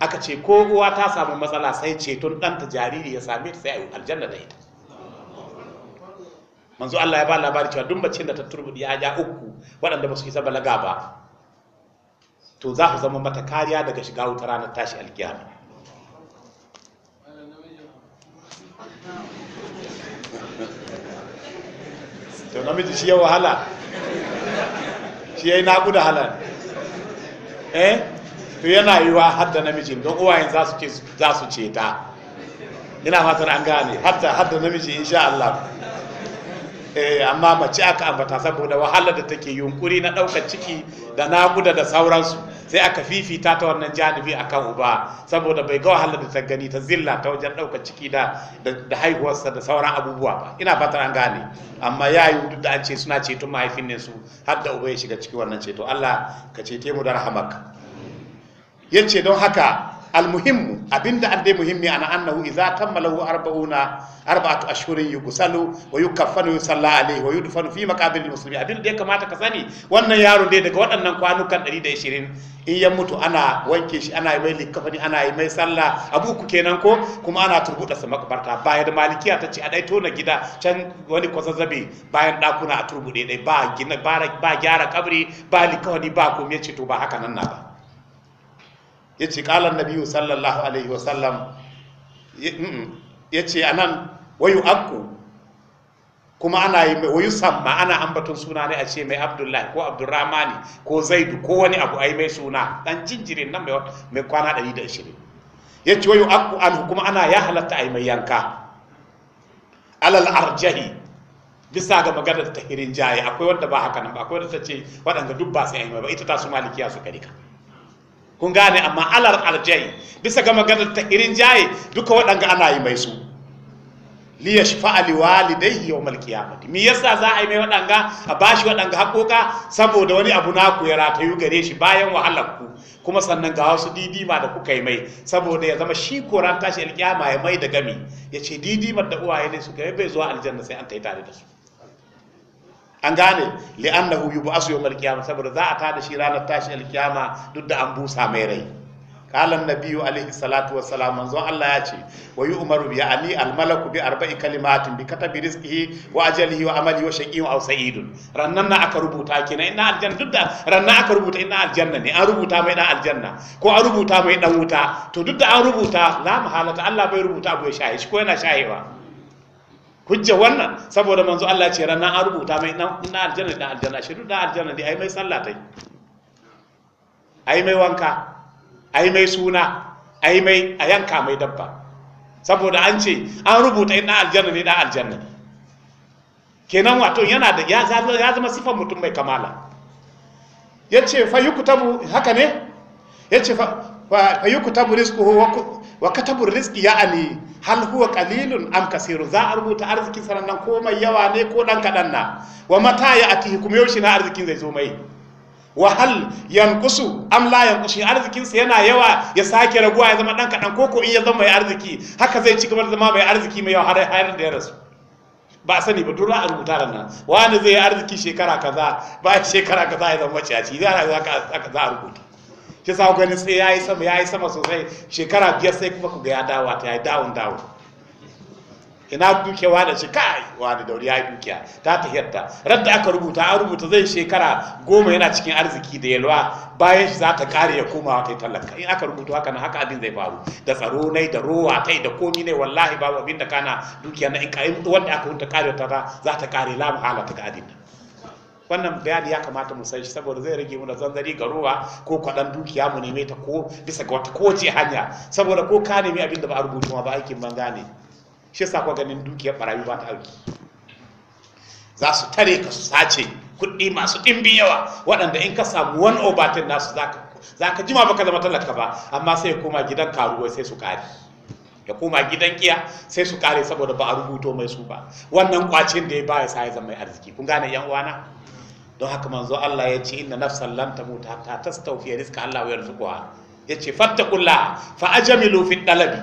[SPEAKER 1] aka ce ko uwa ta samu matsala sai ceton ɗanta jariri ya same ta sai a aljanna da ita manzo Allah ya ba labari cewa duk bacin da ta turbuɗi ya ja uku waɗanda ba su isa balaga ba to za ku zama mata kariya daga shiga wuta ranar tashi alkiyama to namiji shi ya wahala shi ya yi hala, halar eh to yana yiwa hadda namijin don uwayen za su ce ta ina fatan an gane hatta hadda namiji insha Allah eh, amma mace aka ambata saboda wahala da take yunkuri na ɗaukar ciki da naƙuda da sauransu sai aka fifita ta wannan janibi akan uba saboda bai ga wahalar da ta gani ta zilla ta wajen ɗaukar ciki da da haihuwarsa da sauran abubuwa ba ina fatar an gane amma ya yi duk da an ce suna ceto mahaifin ne su har da uba ya shiga ciki wannan ceto Allah ka cete mu da rahamaka yace don haka almuhimmu abinda an dai muhimmi ana annahu idza kammalahu arba'una arba'atu ashhurin yughsalu wa yukaffanu yusalla alayhi wa yudfanu fi maqabiril muslimin abinda da ya kamata ka sani wannan yaro dai daga waɗannan kwanukan 120 in ya mutu ana wanke shi ana yi mai likafani ana yi mai sallah abu uku kenan ko kuma ana turbuɗa sa makabarta bayan da malikiya ta ce a daito tona gida can wani kwazazzabe bayan ɗakuna a turbude ɗai ba gyara kabri ba likafani, ba komai ce to ba haka nan na ba ya ce na biyu sallallahu alaihi wasallam ya ce a nan wayu akku kuma ana yi mai wayu samma ana ambaton suna ne a ce mai abdullahi ko abdurrahmani ko zaidu ko wani abu a yi mai suna dan jinjirin nan mai kwana 120 ya ce wayu akku an kuma ana ya halatta a yi mai yanka alal arjahi bisa ga maganar tahirin jaye akwai wanda ba haka nan ba akwai wanda ta ce waɗanda duk ba sai yi mai ba ita ta su malikiya su karika kun gane amma alar arjai bisa ga maganar ta irin jaye duka waɗanga ana yi mai su fa'ali yashfa li yau yawm mati mi yasa za a yi mai waɗanga a bashi waɗanga haƙoƙa saboda wani abu na ku ya ratayu gare shi bayan wahalar ku kuma sannan ga wasu didima da kuka yi mai saboda ya zama shi koran tashi alƙiyama ya mai da gami ya ce didimar da uwaye ne suka yi bai zuwa aljanna sai an ta yi tare da su an gane li'annahu ba yawm al-qiyama saboda za a tada shi ranar tashi al-qiyama duk da an busa mai rai qala an-nabiyyu alayhi salatu wassalam manzo Allah ya ce wa yu'maru bi ani al-malaku bi arba'i kalimatin bi katabi rizqihi wa ajalihi wa amali wa shaqiyyun aw sa'idun rannan na aka rubuta kenan ina aljanna duk da rannan aka rubuta ina aljanna ne an rubuta mai dan aljanna ko an rubuta mai dan wuta to duk da an rubuta la mahalata Allah bai rubuta abu ya shahi shi ko yana ba. hujja wannan saboda manzo Allah ce ran an rubuta mai na aljanna da aljanna shi duk da aljanna dai ai mai sallah tai ai mai wanka ai mai suna ai mai a yanka mai dabba saboda an ce an rubuta ina aljanna ne da aljanna kenan wato yana da ya zama sifan mutum mai kamala ya ce fa yi kutabu haka ne ya ce fa yi kutabu risku, wa katabu rizki ya ali hal huwa qalilun am za a rubuta arzikin sanannan ko mai yawa ne ko dan kadan na wa mata ya atihi yau shi na arzikin zai zo mai wa hal yanqusu am la yanqusu arzikin sa yana yawa ya sake raguwa ya zama dan kadan ko ko in ya zama mai arziki haka zai ci gaba da zama mai arziki mai yawa har har da ya rasu ba sani ba duk a rubuta da nan wani zai yi arziki shekara kaza ba shekara kaza ya zama maciyaci za a rubuta ki sa gani sai yayi sama yayi sama sosai shekara biyar sai kuma ku ga ya dawo ta yayi dawun dawun ina dukewa da shi kai wani dauri ya dukiya ta hiyarta radda aka rubuta an rubuta zai shekara goma yana cikin arziki da yalwa bayan shi za ta kare ya koma wata talaka in aka rubuta haka na haka abin zai faru da tsaro nai da rowa yi, da komi ne wallahi babu abin da kana dukiya na in wanda aka ta kare ta za ta kare la mahala ta ga adin wannan bayani ya kamata mu san shi saboda zai rage mu da zanzari ga ruwa ko kwadan dukiya mu neme ta ko bisa ga wata kowace hanya saboda ko ka nemi abin da ba a rubutu ba aikin ban gane shi sa ganin dukiyar barayi ba ta auki za su tare ka su sace kuɗi masu ɗimbin yawa waɗanda in ka samu wani obatin nasu za ka jima baka zama talaka ba amma sai ya koma gidan karuwa sai su kare ya koma gidan kiya sai su kare saboda ba a rubuto mai su ba wannan kwacin da ya ba ya sa ya zama mai arziki kun gane yan uwana don haka manzo Allah ya ce inna nafsan lam tamut hatta tastawfi rizqa Allah wa yarzuquha yace fattaqullah fa ajmilu fi dalabi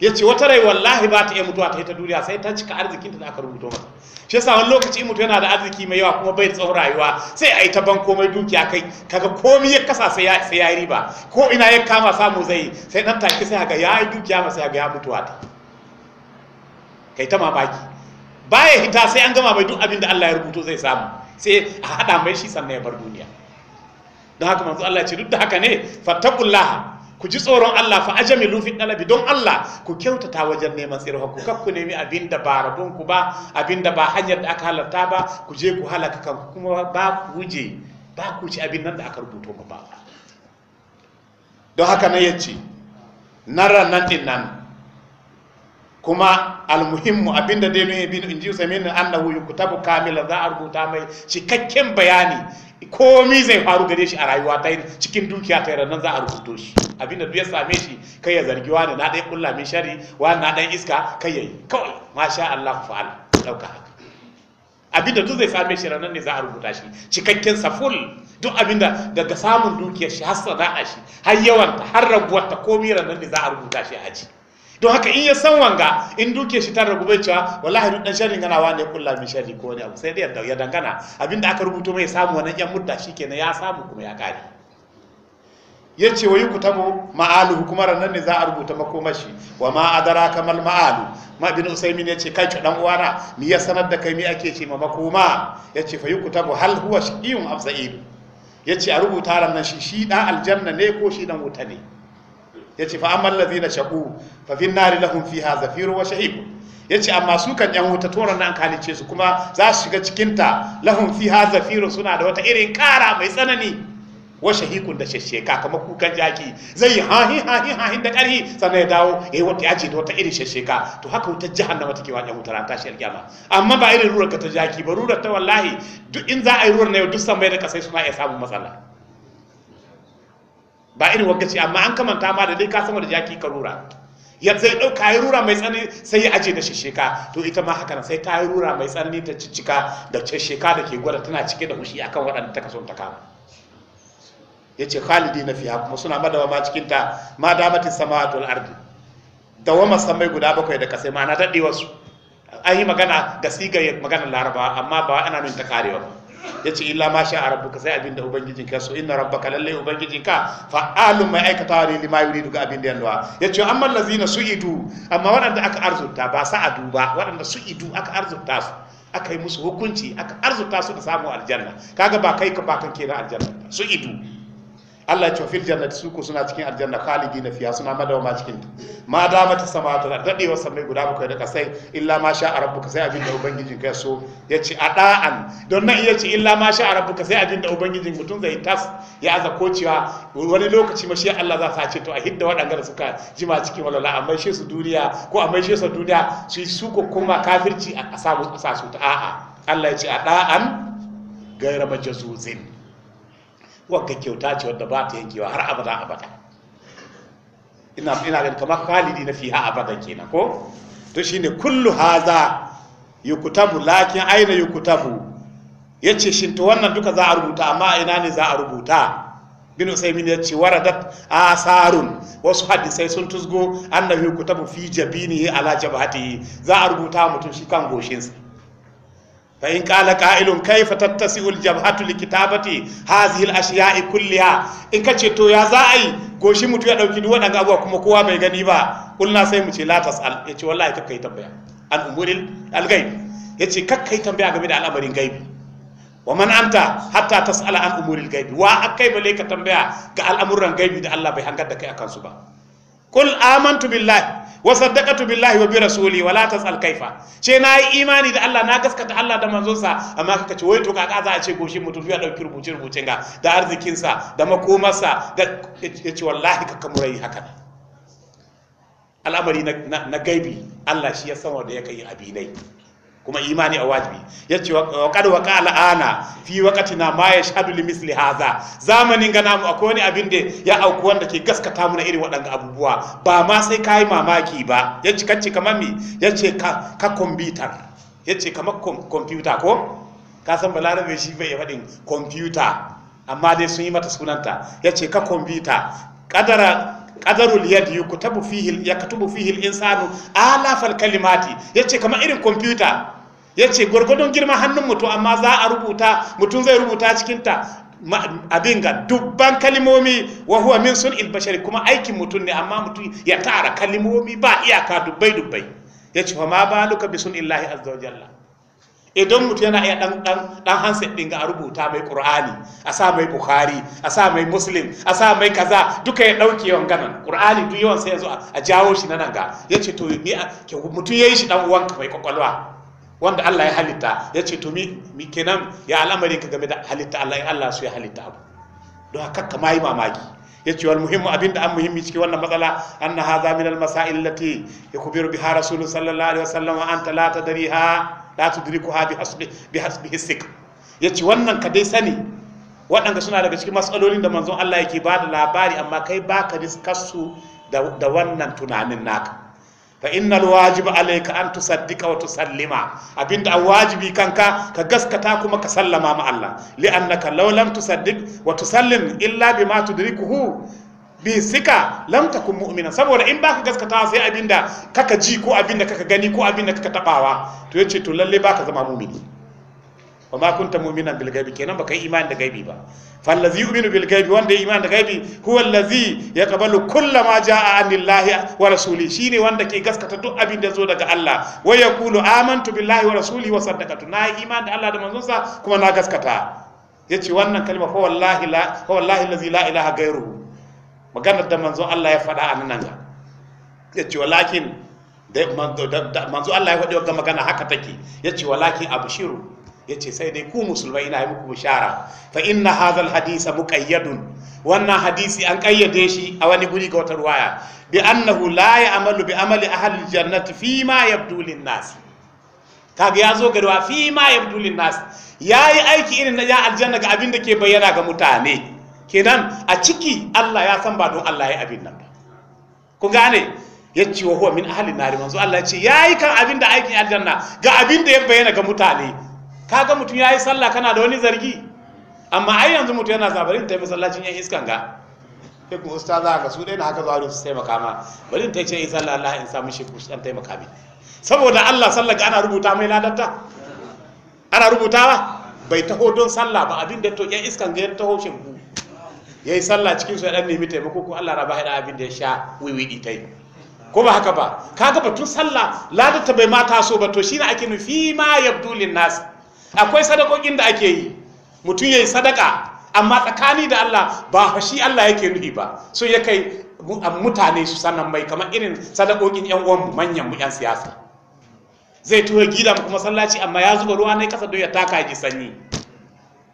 [SPEAKER 1] yace wata rai wallahi ba ta iya mutuwa ta ita duniya sai ta cika arzikin da aka rubuto mata shi yasa wani lokaci mutu yana da arziki mai yawa kuma bai tsawon rayuwa sai a yi ta ban komai dukiya kai kaga komai ya kasa sai ya riba ko ina ya kama samu zai sai dan take sai ga ya yi dukiya masa ya ga ya mutuwa ta kai ta mamaki baya hita sai an gama mai duk abin da Allah ya rubuto zai samu sai a haɗa mai shi sannan ya bar duniya don haka manzo Allah ce duk da haka ne fattaqullaha ku ji tsoron Allah fa ajamilu fi dalabi don Allah ku kyautata wajen neman tsirha ku kakku nemi abin da ba rabon ku ba abin ba hanyar da aka halarta ba ku je ku halaka kanku kuma ba ku ba ku ci abin nan da aka rubuto ba don haka na yace nara nan din nan kuma almuhimmu abinda dai nuhi bin inji usaimin annahu yuktabu kamila za a rubuta mai cikakken bayani komi zai faru gare shi a rayuwa ta cikin dukiya ta nan za a rubuto shi abinda duk ya same shi kai ya zargi wani na ɗaya kulla min shari wa na ɗan iska kai ya yi kawai masha Allah fa'ala ɗauka haka abinda duk zai same shi ranar ne za a rubuta shi cikakken saful duk abinda daga samun dukiyar shi har sana'a shi har yawanta har rabuwar ta komi ranar ne za a rubuta shi a aji don haka in ya san wanga in duke shi tare gobe cewa wallahi duk dan sharri gana wani kullu min sharri ko wani abu sai dai ya dangana abinda aka rubuto mai samu wannan yan mutta shikenan ya samu kuma ya kare ya ce wa yi ku tamo ma'alu kuma ranar ne za a rubuta makomashi wa ma adara kamar ma'alu ma bin usaimin ya ce kai ki dan uwana mi ya sanar da kai mi ake ce ma makoma ya ce fa yi ku hal huwa shi'un abza'ib ya ce a rubuta ranar shi shi dan aljanna ne ko shi dan wuta ne yace fa amal ladina shaqu fa fi nari lahum fiha zafiru wa shahib yace amma su kan yan wuta toran nan kalice su kuma za su shiga cikin ta lahum fiha zafiru suna da wata irin kara mai tsanani wa shahikun da shesheka kamar kukan jaki zai yi hahi hahi hahi da ƙarhi sannan ya dawo ya yi wata yaji da wata irin shesheka to haka wutar jahannama take wa yan ran tashi alƙiyama amma ba irin rurar ka ta jaki ba rurar ta wallahi duk in za a yi rurar na yau duk san bai da kasai suna iya samun matsala ba irin wagga ce amma an kamanta ma da dai ka sama da jaki ka rura ya zai ɗauka ya rura mai tsanani sai ya aje da shisheka to ita ma haka sai ta yi rura mai tsanani ta ciccika da shisheka da ke gwada tana cike da hushi akan waɗanda ta kaso ta kama ya ce khalidi na fiya kuma suna madawa ma cikin ta ma damatin sama wal ardi wama samai guda bakwai da kasai ma na daɗewar su an yi magana ga sigar magana laraba amma ba ana nuna ta karewa ba yace illa ma sha ka sai abin abinda ubangijinka so inna rabbaka lalle ubangijinka fa'alun mai aikata ne da yuridu ga abinda an malla amma su idu amma waɗanda aka arzuta ba a duba waɗanda idu aka arzuta su aka yi musu hukunci aka arzuta su da samun aljanna kaga ba kai ka ba kan kenan aljanna su idu. Allah ya ce fil jannat su ku suna cikin aljanna na fiya suna madawama cikin ta ma da mata samatu da dadewa samai guda bakwai da kasai illa ma sha rabbuka sai abin da ubangijin ka so ya yace ada'an don nan ce illa ma sha rabbuka sai abin da ubangijin mutun zai tas ya aza kocewa wani lokaci ma shi Allah za sa ce to a hidda waɗanda da suka jima cikin walala a shi su duniya ko a shi su duniya su su ko kuma kafirci a kasa su ta a'a Allah ya ce ada'an gaira majazuzin Wakka kyauta ce wadda ba ta yankewa har abada abada ina ina ga kamar khalidi na fiha abada kenan ko to shine kullu haza yukutabu lakin aina yukutabu yace shin to wannan duka za a rubuta amma ina ne za a rubuta bin min ya ce waradat asarun wasu hadisai sun tusgo annabi kutabu fi ne ala hati za a rubuta mutum shi kan goshinsa fa in qala qa'ilun kayfa tattasi'u al-jabhatu li kitabati hadhihi al-ashya'i kulliha in kace to ya za ai goshi mutu ya ɗauki duk wadannan abuwa kuma kowa bai gani ba kulna sai mu ce la tas'al yace wallahi kakkai tambaya an umuril al-ghaib yace kakkai tambaya game da al'amarin gaibi wa man anta hatta tas'ala an umuril gaibi wa akai bale ka tambaya ga al'amuran gaibi da Allah bai hangar da kai a kansu ba qul amantu billahi wa saddaqatu billahi wa bi rasuli wa la tasal ce na yi imani da Allah na gaskata Allah da manzonsa amma kaka ce wai to kaka za a ce goshin mutum ya dauki rubuce rubuce ga da arzikinsa da makomarsa da ya ce wallahi kaka murai haka al'amari na gaibi Allah shi ya sanar da ya kai abinai kuma imani a wajibi ya ce wa waƙa wa qala ana fi ma ya li misli haza zamanin gana mu akwai wani abin da ya auku wanda ke gaskata mu na irin waɗanda abubuwa ba ma sai yi mamaki ba ya ce kacce kamar me ya ce ka ka ya ce kamar kwamfuta ko ka san balarabe shi bai faɗin kwamfuta amma dai sun yi mata sunanta ya ce ka computer kadara qadarul yadi yuktabu fihi yaktubu fihi al-insanu alafal kalimati yace kamar irin computer ya ce gwargwadon girma hannun mutum amma za a rubuta mutum zai rubuta cikinta abin ga dubban kalimomi wa huwa min sun ilbashari kuma aikin mutum ne amma mutum ya tara kalimomi ba iyaka dubbai dubbai ya ce ma ba luka bi sun illahi azza wa jalla idan mutum yana iya dan hansa dan din ga a rubuta mai kur'ani a sa mai bukhari a sa mai muslim a sa mai kaza duka ya dauke yawan ganan qur'ani duk yawan sai yanzu a jawo shi nan ga yace to ni ya yi shi dan uwanka mai kwakwalwa wanda Allah ya halitta ya ce to mi kenan ya al'amari ka game da halitta Allah in Allah su ya halitta abu don haka kama yi mamaki ya ce wal muhimmu abin da an muhimmi cikin wannan matsala anna hadha min al masail lati yakbiru biha rasul sallallahu alaihi wasallam an ta la tadriha la tudrikuha bi hasbi bi hasbi hisik ya ce wannan ka dai sani waɗanda suna daga cikin matsalolin da manzon Allah yake ba da labari amma kai baka riskarsu da wannan tunanin naka fa innal wajiba alayka an tusaddiqa wa tusallima abinda an wajibi kanka ka gaskata kuma ka sallama ma Allah li annaka law lam tusaddiq wa tusallim illa bima tudrikuhu bi sika lam takun mu'mina saboda in baka gaskata sai abinda kaka ji ko abinda kaka gani ko abinda kaka tabawa to yace to lalle baka zama mu'mini wa ma kunta mu'minan bil ghaibi kenan baka yi imani da gaibi ba fallazi yu'minu bil ghaibi wanda ya imani da gaibi huwa allazi yaqbalu kulla ma jaa'a anillahi wa rasuli shine wanda ke gaskata duk abin da zo daga Allah wa yaqulu amantu billahi wa rasuli wa saddaqatu na imani da Allah da manzonsa kuma na gaskata yace wannan kalma fa wallahi la fa wallahi allazi la ilaha ghairuhu maganar da manzon Allah ya faɗa a nan ga yace walakin da manzo Allah ya faɗi wannan magana haka take yace walakin abshiru yace sai dai ku musulmai ina yi muku bishara fa inna hadhal hadisa muqayyadun wannan hadisi an kayyade shi a wani guri ga wata ruwaya bi annahu la ya'malu bi amali ahli jannati fi ma yabdu lin nas kaga ya zo garwa fi ma yabdu lin nas yayi aiki irin na ya aljanna ga abin da ke bayyana ga mutane kenan a ciki Allah ya san ba don Allah ya abin nan ba ku gane ya ce wa huwa min ahli nari manzo Allah ya ce yayi kan abin da aikin aljanna ga abin da ya bayyana ga mutane kaga mutum ya yi sallah kana da wani zargi amma ai yanzu mutum yana zabarin ta masallacin yan iskan ga ya kuma usta za ka su dai na haka zuwa su taimaka ma bari in ta ce in eh, sallah Allah in samu shi kusa ɗan taimaka min saboda Allah ga ana rubuta mai ladatta ana rubuta ba, bai taho don sallah ba abin da to yan iskan ga ya taho shin ku yi sallah cikin su ya ɗan nemi taimako ko Allah ba hada abin da ya sha wiwidi yi ko ba haka ba kaga batun sallah ladatta bai ma taso ba to shine ake nufi ma yabdulin nasi akwai sadakokin da ake yi mutum ya yi sadaka amma tsakani da Allah ba shi Allah yake nuhi ba so ya kai mutane su sanan mai kamar irin sadakokin yan uwan manyan yan siyasa zai tura gida mu kuma sallaci amma ya zuba ruwa ne kasa don ya taka ji sanyi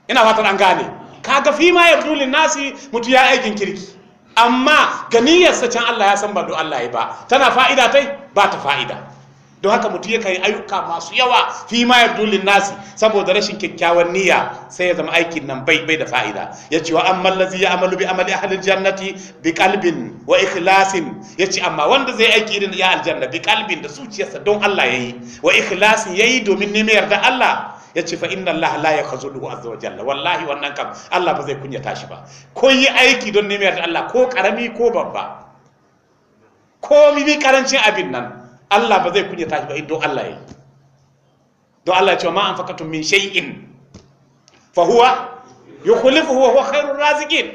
[SPEAKER 1] ina fatan an gane kaga fi ma ya tulin nasi mutu ya aikin kirki amma ganiyarsa can Allah ya san ba do Allah ya ba tana fa'ida tai ba ta fa'ida don haka mutum ya yi ayyuka masu yawa fi ma ya yabdulin nasi saboda rashin kyakkyawan niyya sai ya zama aikin nan bai bai da fa'ida ya ce wa amman lazi ya amalu bi amali ahlil jannati bi qalbin wa ikhlasin ya ce amma wanda zai aiki irin ya aljanna bi kalbin da zuciyarsa don Allah yayi wa ikhlasin yayi domin neman yarda Allah ya ce fa inna Allah la yakhzuluhu azza wa jalla wallahi wannan kam Allah ba zai kunyata shi ba ko yi aiki don neman yarda Allah ko karami ko babba ko mi karancin abin nan Allah ba zai kunyata shi ba in don Allah ya don Allah ya ce ma anfaqatum min shay'in fa huwa yukhlifu wa huwa khairun razikin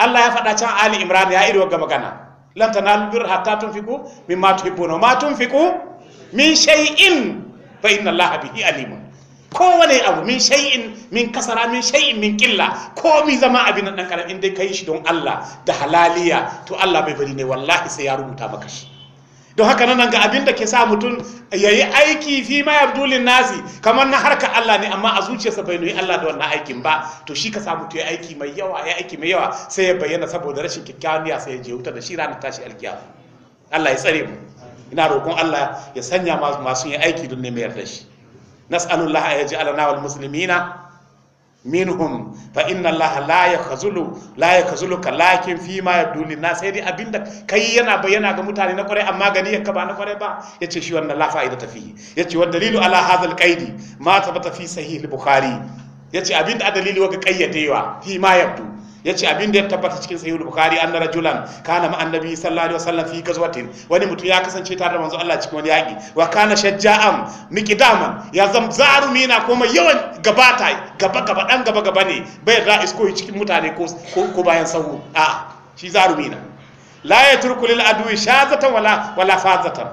[SPEAKER 1] Allah ya faɗa can Ali Imran ya iri wagga magana lan tanalu bir hatta tun fiku min ma ma tun fiku min shay'in fa inna Allah bihi Ko kowane abu min shay'in min kasara min shay'in min killa ko mi zama abin nan karam in dai kai shi don Allah da halaliya to Allah bai bari ne wallahi sai ya rubuta maka shi don haka nan ga abin da ke sa mutum ya yi aiki fi ma abdulin nasi kamar na harka Allah ne amma a zuciyarsa bai nuyi Allah da wannan aikin ba to shi ka samu to ya aiki mai yawa ya aiki mai yawa sai ya bayyana saboda rashin kyakkyawan niyya sai ya je wuta da shi ranar tashi alkiyama Allah ya tsare mu ina roƙon Allah ya sanya masu yin aiki don ne mayar da shi nas'alullahi ya ji alana wal muslimina minhum fa inna Allah la yakhzulu la ka lakin fi ma yaduli na sai dai abinda kai yana bayyana ga mutane na kware amma gani yakka ba na kware ba yace shi wannan la fa'ida ta fi yace wa dalilu ala hadha al-qaidi ma tabata fi sahih al-bukhari yace abinda a dalili waka kayyadewa fi ma yabdu yace abin da ya tabbata cikin sahihul bukhari anna rajulan kana ma'an nabi sallallahu alaihi wasallam fi gazwatin wani mutum ya kasance tare da manzo Allah cikin wani yaki wa kana shajja'an miqdaman ya zamzaru mina kuma yawan gabata gaba gaba dan gaba gaba ne bai da isko cikin mutane ko ko bayan sahu a shi zarumina la yatruku lil adwi shazatan wala wala fazatan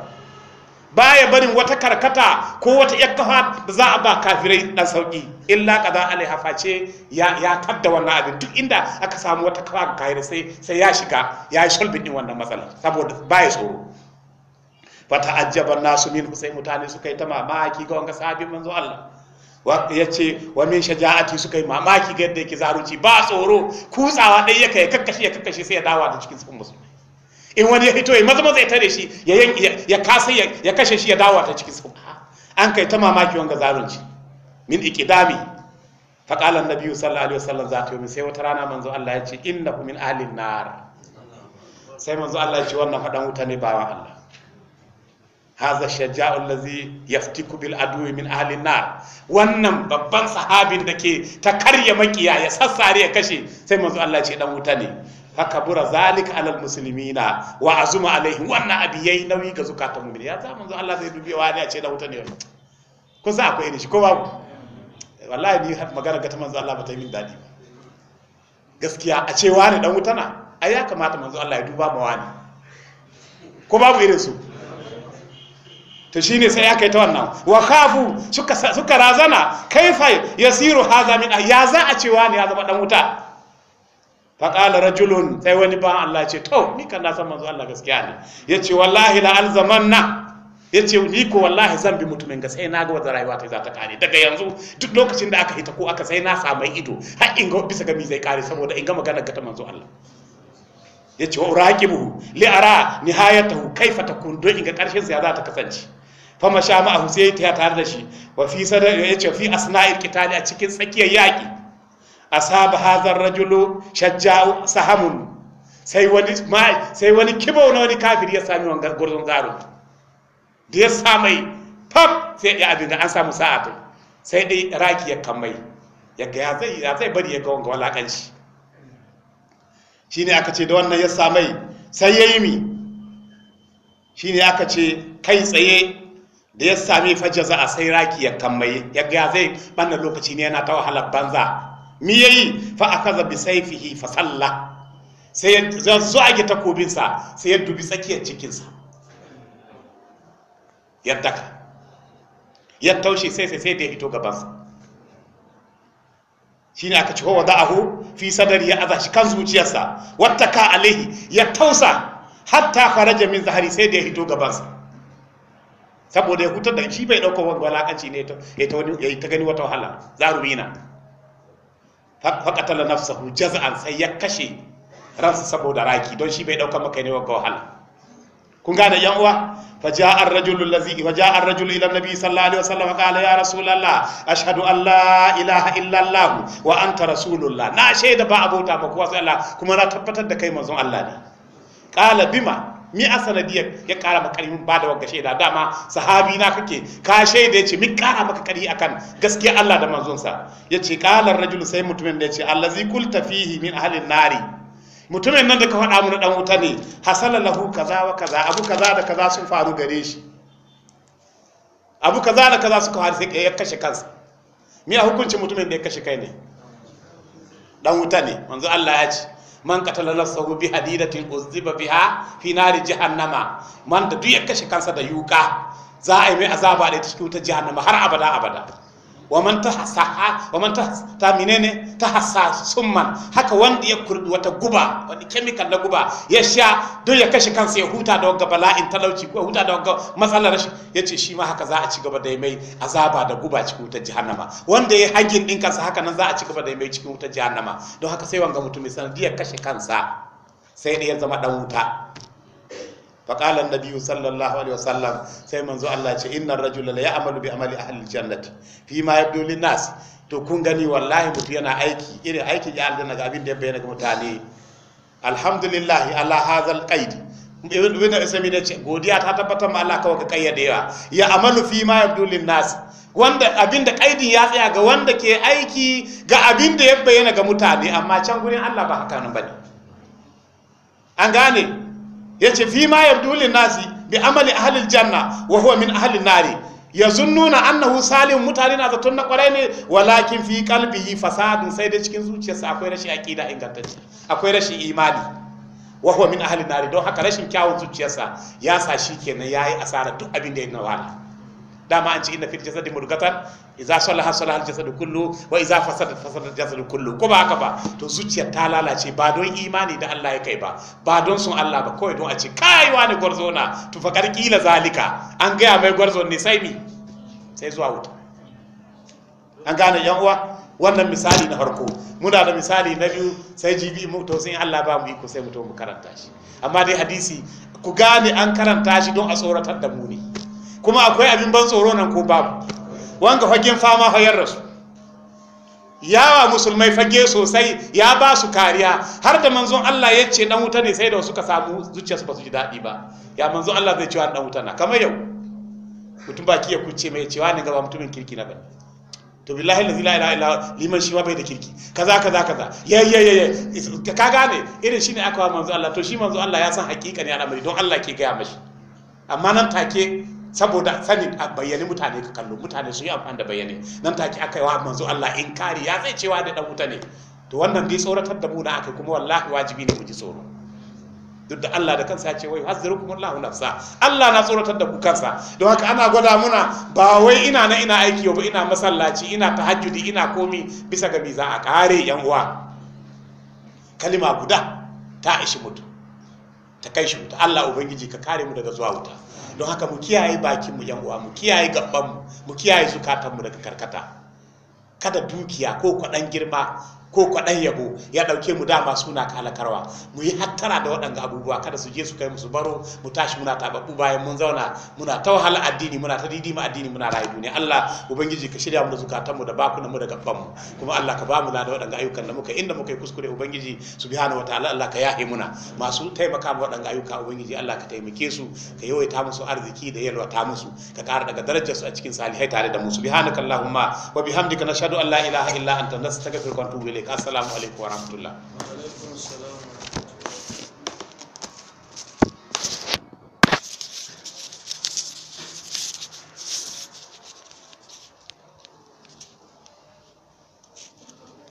[SPEAKER 1] baya barin wata karkata ko wata yakkafa da za a ba kafirai dan sauki illa kaza alaiha face ya ya tadda wannan abin duk inda aka samu wata kafa kafirai sai sai ya shiga ya yi shulbin din wannan matsalar saboda baya tsoro fata ajjaban nasu min sai mutane suka yi ta mamaki ga wanga sabin manzo Allah ya ce wa min shaja'ati suka yi mamaki ga yadda yake zarunci ba tsoro kutsawa dai ya kakkashi ya kakkashi sai ya dawa da cikin cikin in wani ya fito ya maza maza ya tare shi ya ya kasa ya kashe shi ya dawo ta cikin sau an kai ta mamaki wanga zalunci min ikidami Faƙalan qala biyu sallallahu alaihi wasallam zata yau sai wata rana manzo Allah ya ce ku min ahlin nar sai manzo Allah ya ce wannan fadan wuta ne bawan Allah haza shaja'u allazi yaftiku bil adwi min ahli nar wannan babban sahabin da ke ta karya makiya ya sassare ya kashe sai manzo Allah ya ce dan wuta ne haka bura zalika alal muslimina wa azuma alaihim wannan abi yayi nauyi ga zukatan mu'mini ya za zo Allah zai dubi wani a ce da wuta ne wannan kun sa akwai irin shi ko babu wallahi ni har magana ga ta manzo Allah ba ta yi min dadi ba gaskiya a ce wani dan wuta na ai ya kamata manzo Allah ya duba ma wani ko babu irin su to shine sai ya kai ta wannan wa khafu suka suka razana kaifa yasiru hadha min ya za a ce wani ya zama dan wuta faƙala rajulun sai wani ba Allah ce to ni kan na san manzo Allah gaskiya ne ya ce wallahi la alzamanna ya ce ni ko wallahi zan bi mutumin ga sai na ga wata rayuwa ta za ta kare daga yanzu duk lokacin da aka hita ko aka sai na samu ido har in ga bisa gami zai kare saboda in ga magana ga ta manzo Allah ya ce wa uraqibu li ara nihayatahu kaifa takun don in ga karshen sa za ta kasance fa masha ma'ahu sai ya tare da shi wa fi sada ya ce fi asna'il qitali a cikin tsakiyar yaki asaba hazar rajulu shajja sahamun sai wani sai wani kibo na wani kafiri ya sami wanga gurdun garo da ya sami pap sai ya da an samu sa'a to sai dai raki ya kamai ya ga ya zai ya zai bari ya ga wanga shi shine aka ce da wannan ya sami sai yayi mi shine aka ce kai tsaye da ya sami fajaza a sai raki ya kamai ya ga ya zai banna lokaci ne yana ta wahala banza mi yayi fa akaza bi sayfihi fa salla sai ya zage takobin sa sai ya dubi tsakiyar cikin sa ya daka ya taushe sai sai sai da ya hito gaban sa shine aka ci wa da'ahu fi sadari ya aza shi kan zuciyarsa wattaka alaihi ya tausa hatta fara min zahari sai da ya hito gaban sa saboda ya hutar da shi bai dauka wani ne ya ta gani wata wahala na. faƙatala nafsahu jaz'an sai ya kashe ransa saboda raki don shi bai ɗaukar maka ne wa wahala kun gane yan uwa fa ja'a ar-rajulu allazi fa ja'a ar-rajulu ila nabi sallallahu alaihi wasallam qala ya rasulullah ashhadu an la ilaha illa allah wa anta rasulullah na shaida ba abota ba kuwa sai Allah kuma na tabbatar da kai manzon Allah ne qala bima mi a sanadiyar ya kara maka karfin ba da wanka shaida dama sahabi na kake ka shaida yace mi kara maka karfi akan gaskiya Allah da manzon sa yace kalar rajul sai mutumin da yace allazi qulta fihi min ahli nari mutumin nan da ka faɗa mun dan wuta ne hasala lahu kaza wa kaza abu kaza da kaza sun faru gare shi abu kaza da kaza suka faru sai ya kashe kansa mi a hukuncin mutumin da ya kashe kai ne dan wuta ne manzo Allah ya ce man qatala nafsahu bi hadidatin uziba biha fi nari jahannama man da duk ya kashe kansa da yuka za a yi mai azaba da ta cikin wutar jahannama har abada abada wa man tahassaha wa man ta minene tahassa summan haka wanda ya kurdi wata guba wani chemical na guba ya sha don ya kashe kansa ya huta da wagga bala'in talauci ko huta da wagga matsalar rashin yace shi ma haka za a ci gaba da mai azaba da guba cikin wutar jahannama wanda ya hagin din kansa haka nan za a ci gaba da mai cikin wutar jahannama don haka sai wanga mutumin mai ya kashe kansa sai da ya zama ɗan wuta فقال النبي صلى الله عليه وسلم سيما زو الله يقول إن الرجل لا يعمل بعمل أهل الجنة فيما يبدو للناس to kun gani wallahi mutu yana aiki irin aikin ya aljanna ga abin da ya bayyana ga mutane alhamdulillah ala hazal qaid ibn isami ne ce godiya ta tabbatar ma Allah kawai ka kayyadewa ya amalu fi ma yabdu lin nas wanda abin kaidin ya tsaya ga wanda ke aiki ga abinda da ya bayyana ga mutane amma can gurin Allah ba haka bane an gane ya ce fi ma yabdulin nasi bi amali halin janna wa huwa min ya nari yazunnuna annahu salim mutane na zaton na kwarai ne walakin fi qalbihi fasadun sai da cikin zuciyarsa akwai rashin aqida ingantacce akwai rashin imani wa huwa min halin nari don haka rashin kyawun zuciyarsa ya sa shi kenan ya yi asara duk abin da ya nawala dama an ci inna fil jasadi murgatan idza salaha salaha al jasadu kullu wa idza fasada fasada al jasadu kullu ko ba haka ba to zuciyar ta lalace ba don imani da Allah ya kai ba ba don sun Allah ba kai don a ce kai wani gwarzo na to fa la zalika an gaya mai gwarzo ne sai mi sai zuwa wuta an gane yan uwa wannan misali na farko muna da misali na biyu sai jibi mu to sai Allah ba mu iko sai mu to mu karanta shi amma dai hadisi ku gane an karanta shi don a tsoratar da mu ne kuma akwai abin ban tsoro nan ko babu wanga fagen fama hayar rasu yawa musulmai fage sosai ya ba su kariya har da manzon Allah ya ce dan wuta ne sai da suka samu zuciyarsu ba su ji daɗi ba ya manzon Allah zai wa dan wuta na kamar yau mutum baki ya kuce mai cewa ne gaba mutumin kirki na bane to billahi la ilaha illa liman shi ma bai da kirki kaza kaza kaza ya ya ya ka gane irin shine aka wa manzo Allah to shi manzo Allah ya san hakika ne al'amari don Allah ke ga ya mashi amma nan take saboda sanin a bayyane mutane ka kallo mutane su yi amfani da bayyane nan take aka yi wa manzo Allah in kari ya zai cewa da dan wuta ne to wannan dai tsoratar da mu da aka kuma wallahi wajibi ne mu ji tsoro duk da Allah da kansa ya ce wai hazzirukum Allahu nafsa Allah na tsoratar da ku kansa don haka ana gwada muna ba wai ina na ina aiki ba ina masallaci ina tahajjudi ina komi bisa ga za a kare yan uwa kalima guda ta ishi mutu ta kai shi mutu Allah ubangiji ka kare mu daga zuwa wuta don haka mu kiyaye bakinmu yan uwa mu kiyaye gabanmu mu kiyaye zukatanmu daga karkata kada dukiya ko kwaɗan girma ko kwaɗan yabo ya ɗauke mu dama suna kalakarwa mu yi hattara da waɗanga abubuwa kada su je su kai musu baro mu tashi muna taɓaɓɓu bayan mun zauna muna ta wahala addini muna ta didima addini muna rayu duniya Allah ubangiji ka shirya mu da zukatanmu da bakuna mu da gaban mu kuma Allah ka ba mu da waɗanda ayyukan da muka inda muka yi kuskure ubangiji subhanahu wataala Allah ka yahe muna masu taimaka mu waɗanda ayyuka ubangiji Allah ka taimake su ka yawaita musu arziki da yalwata musu ka ƙara daga darajar su a cikin salihai tare da mu subhanakallahumma wa bihamdika nashhadu an la ilaha illa anta nastaghfiruka wa natubu ilayk assalamu alaikum wa rahmatullah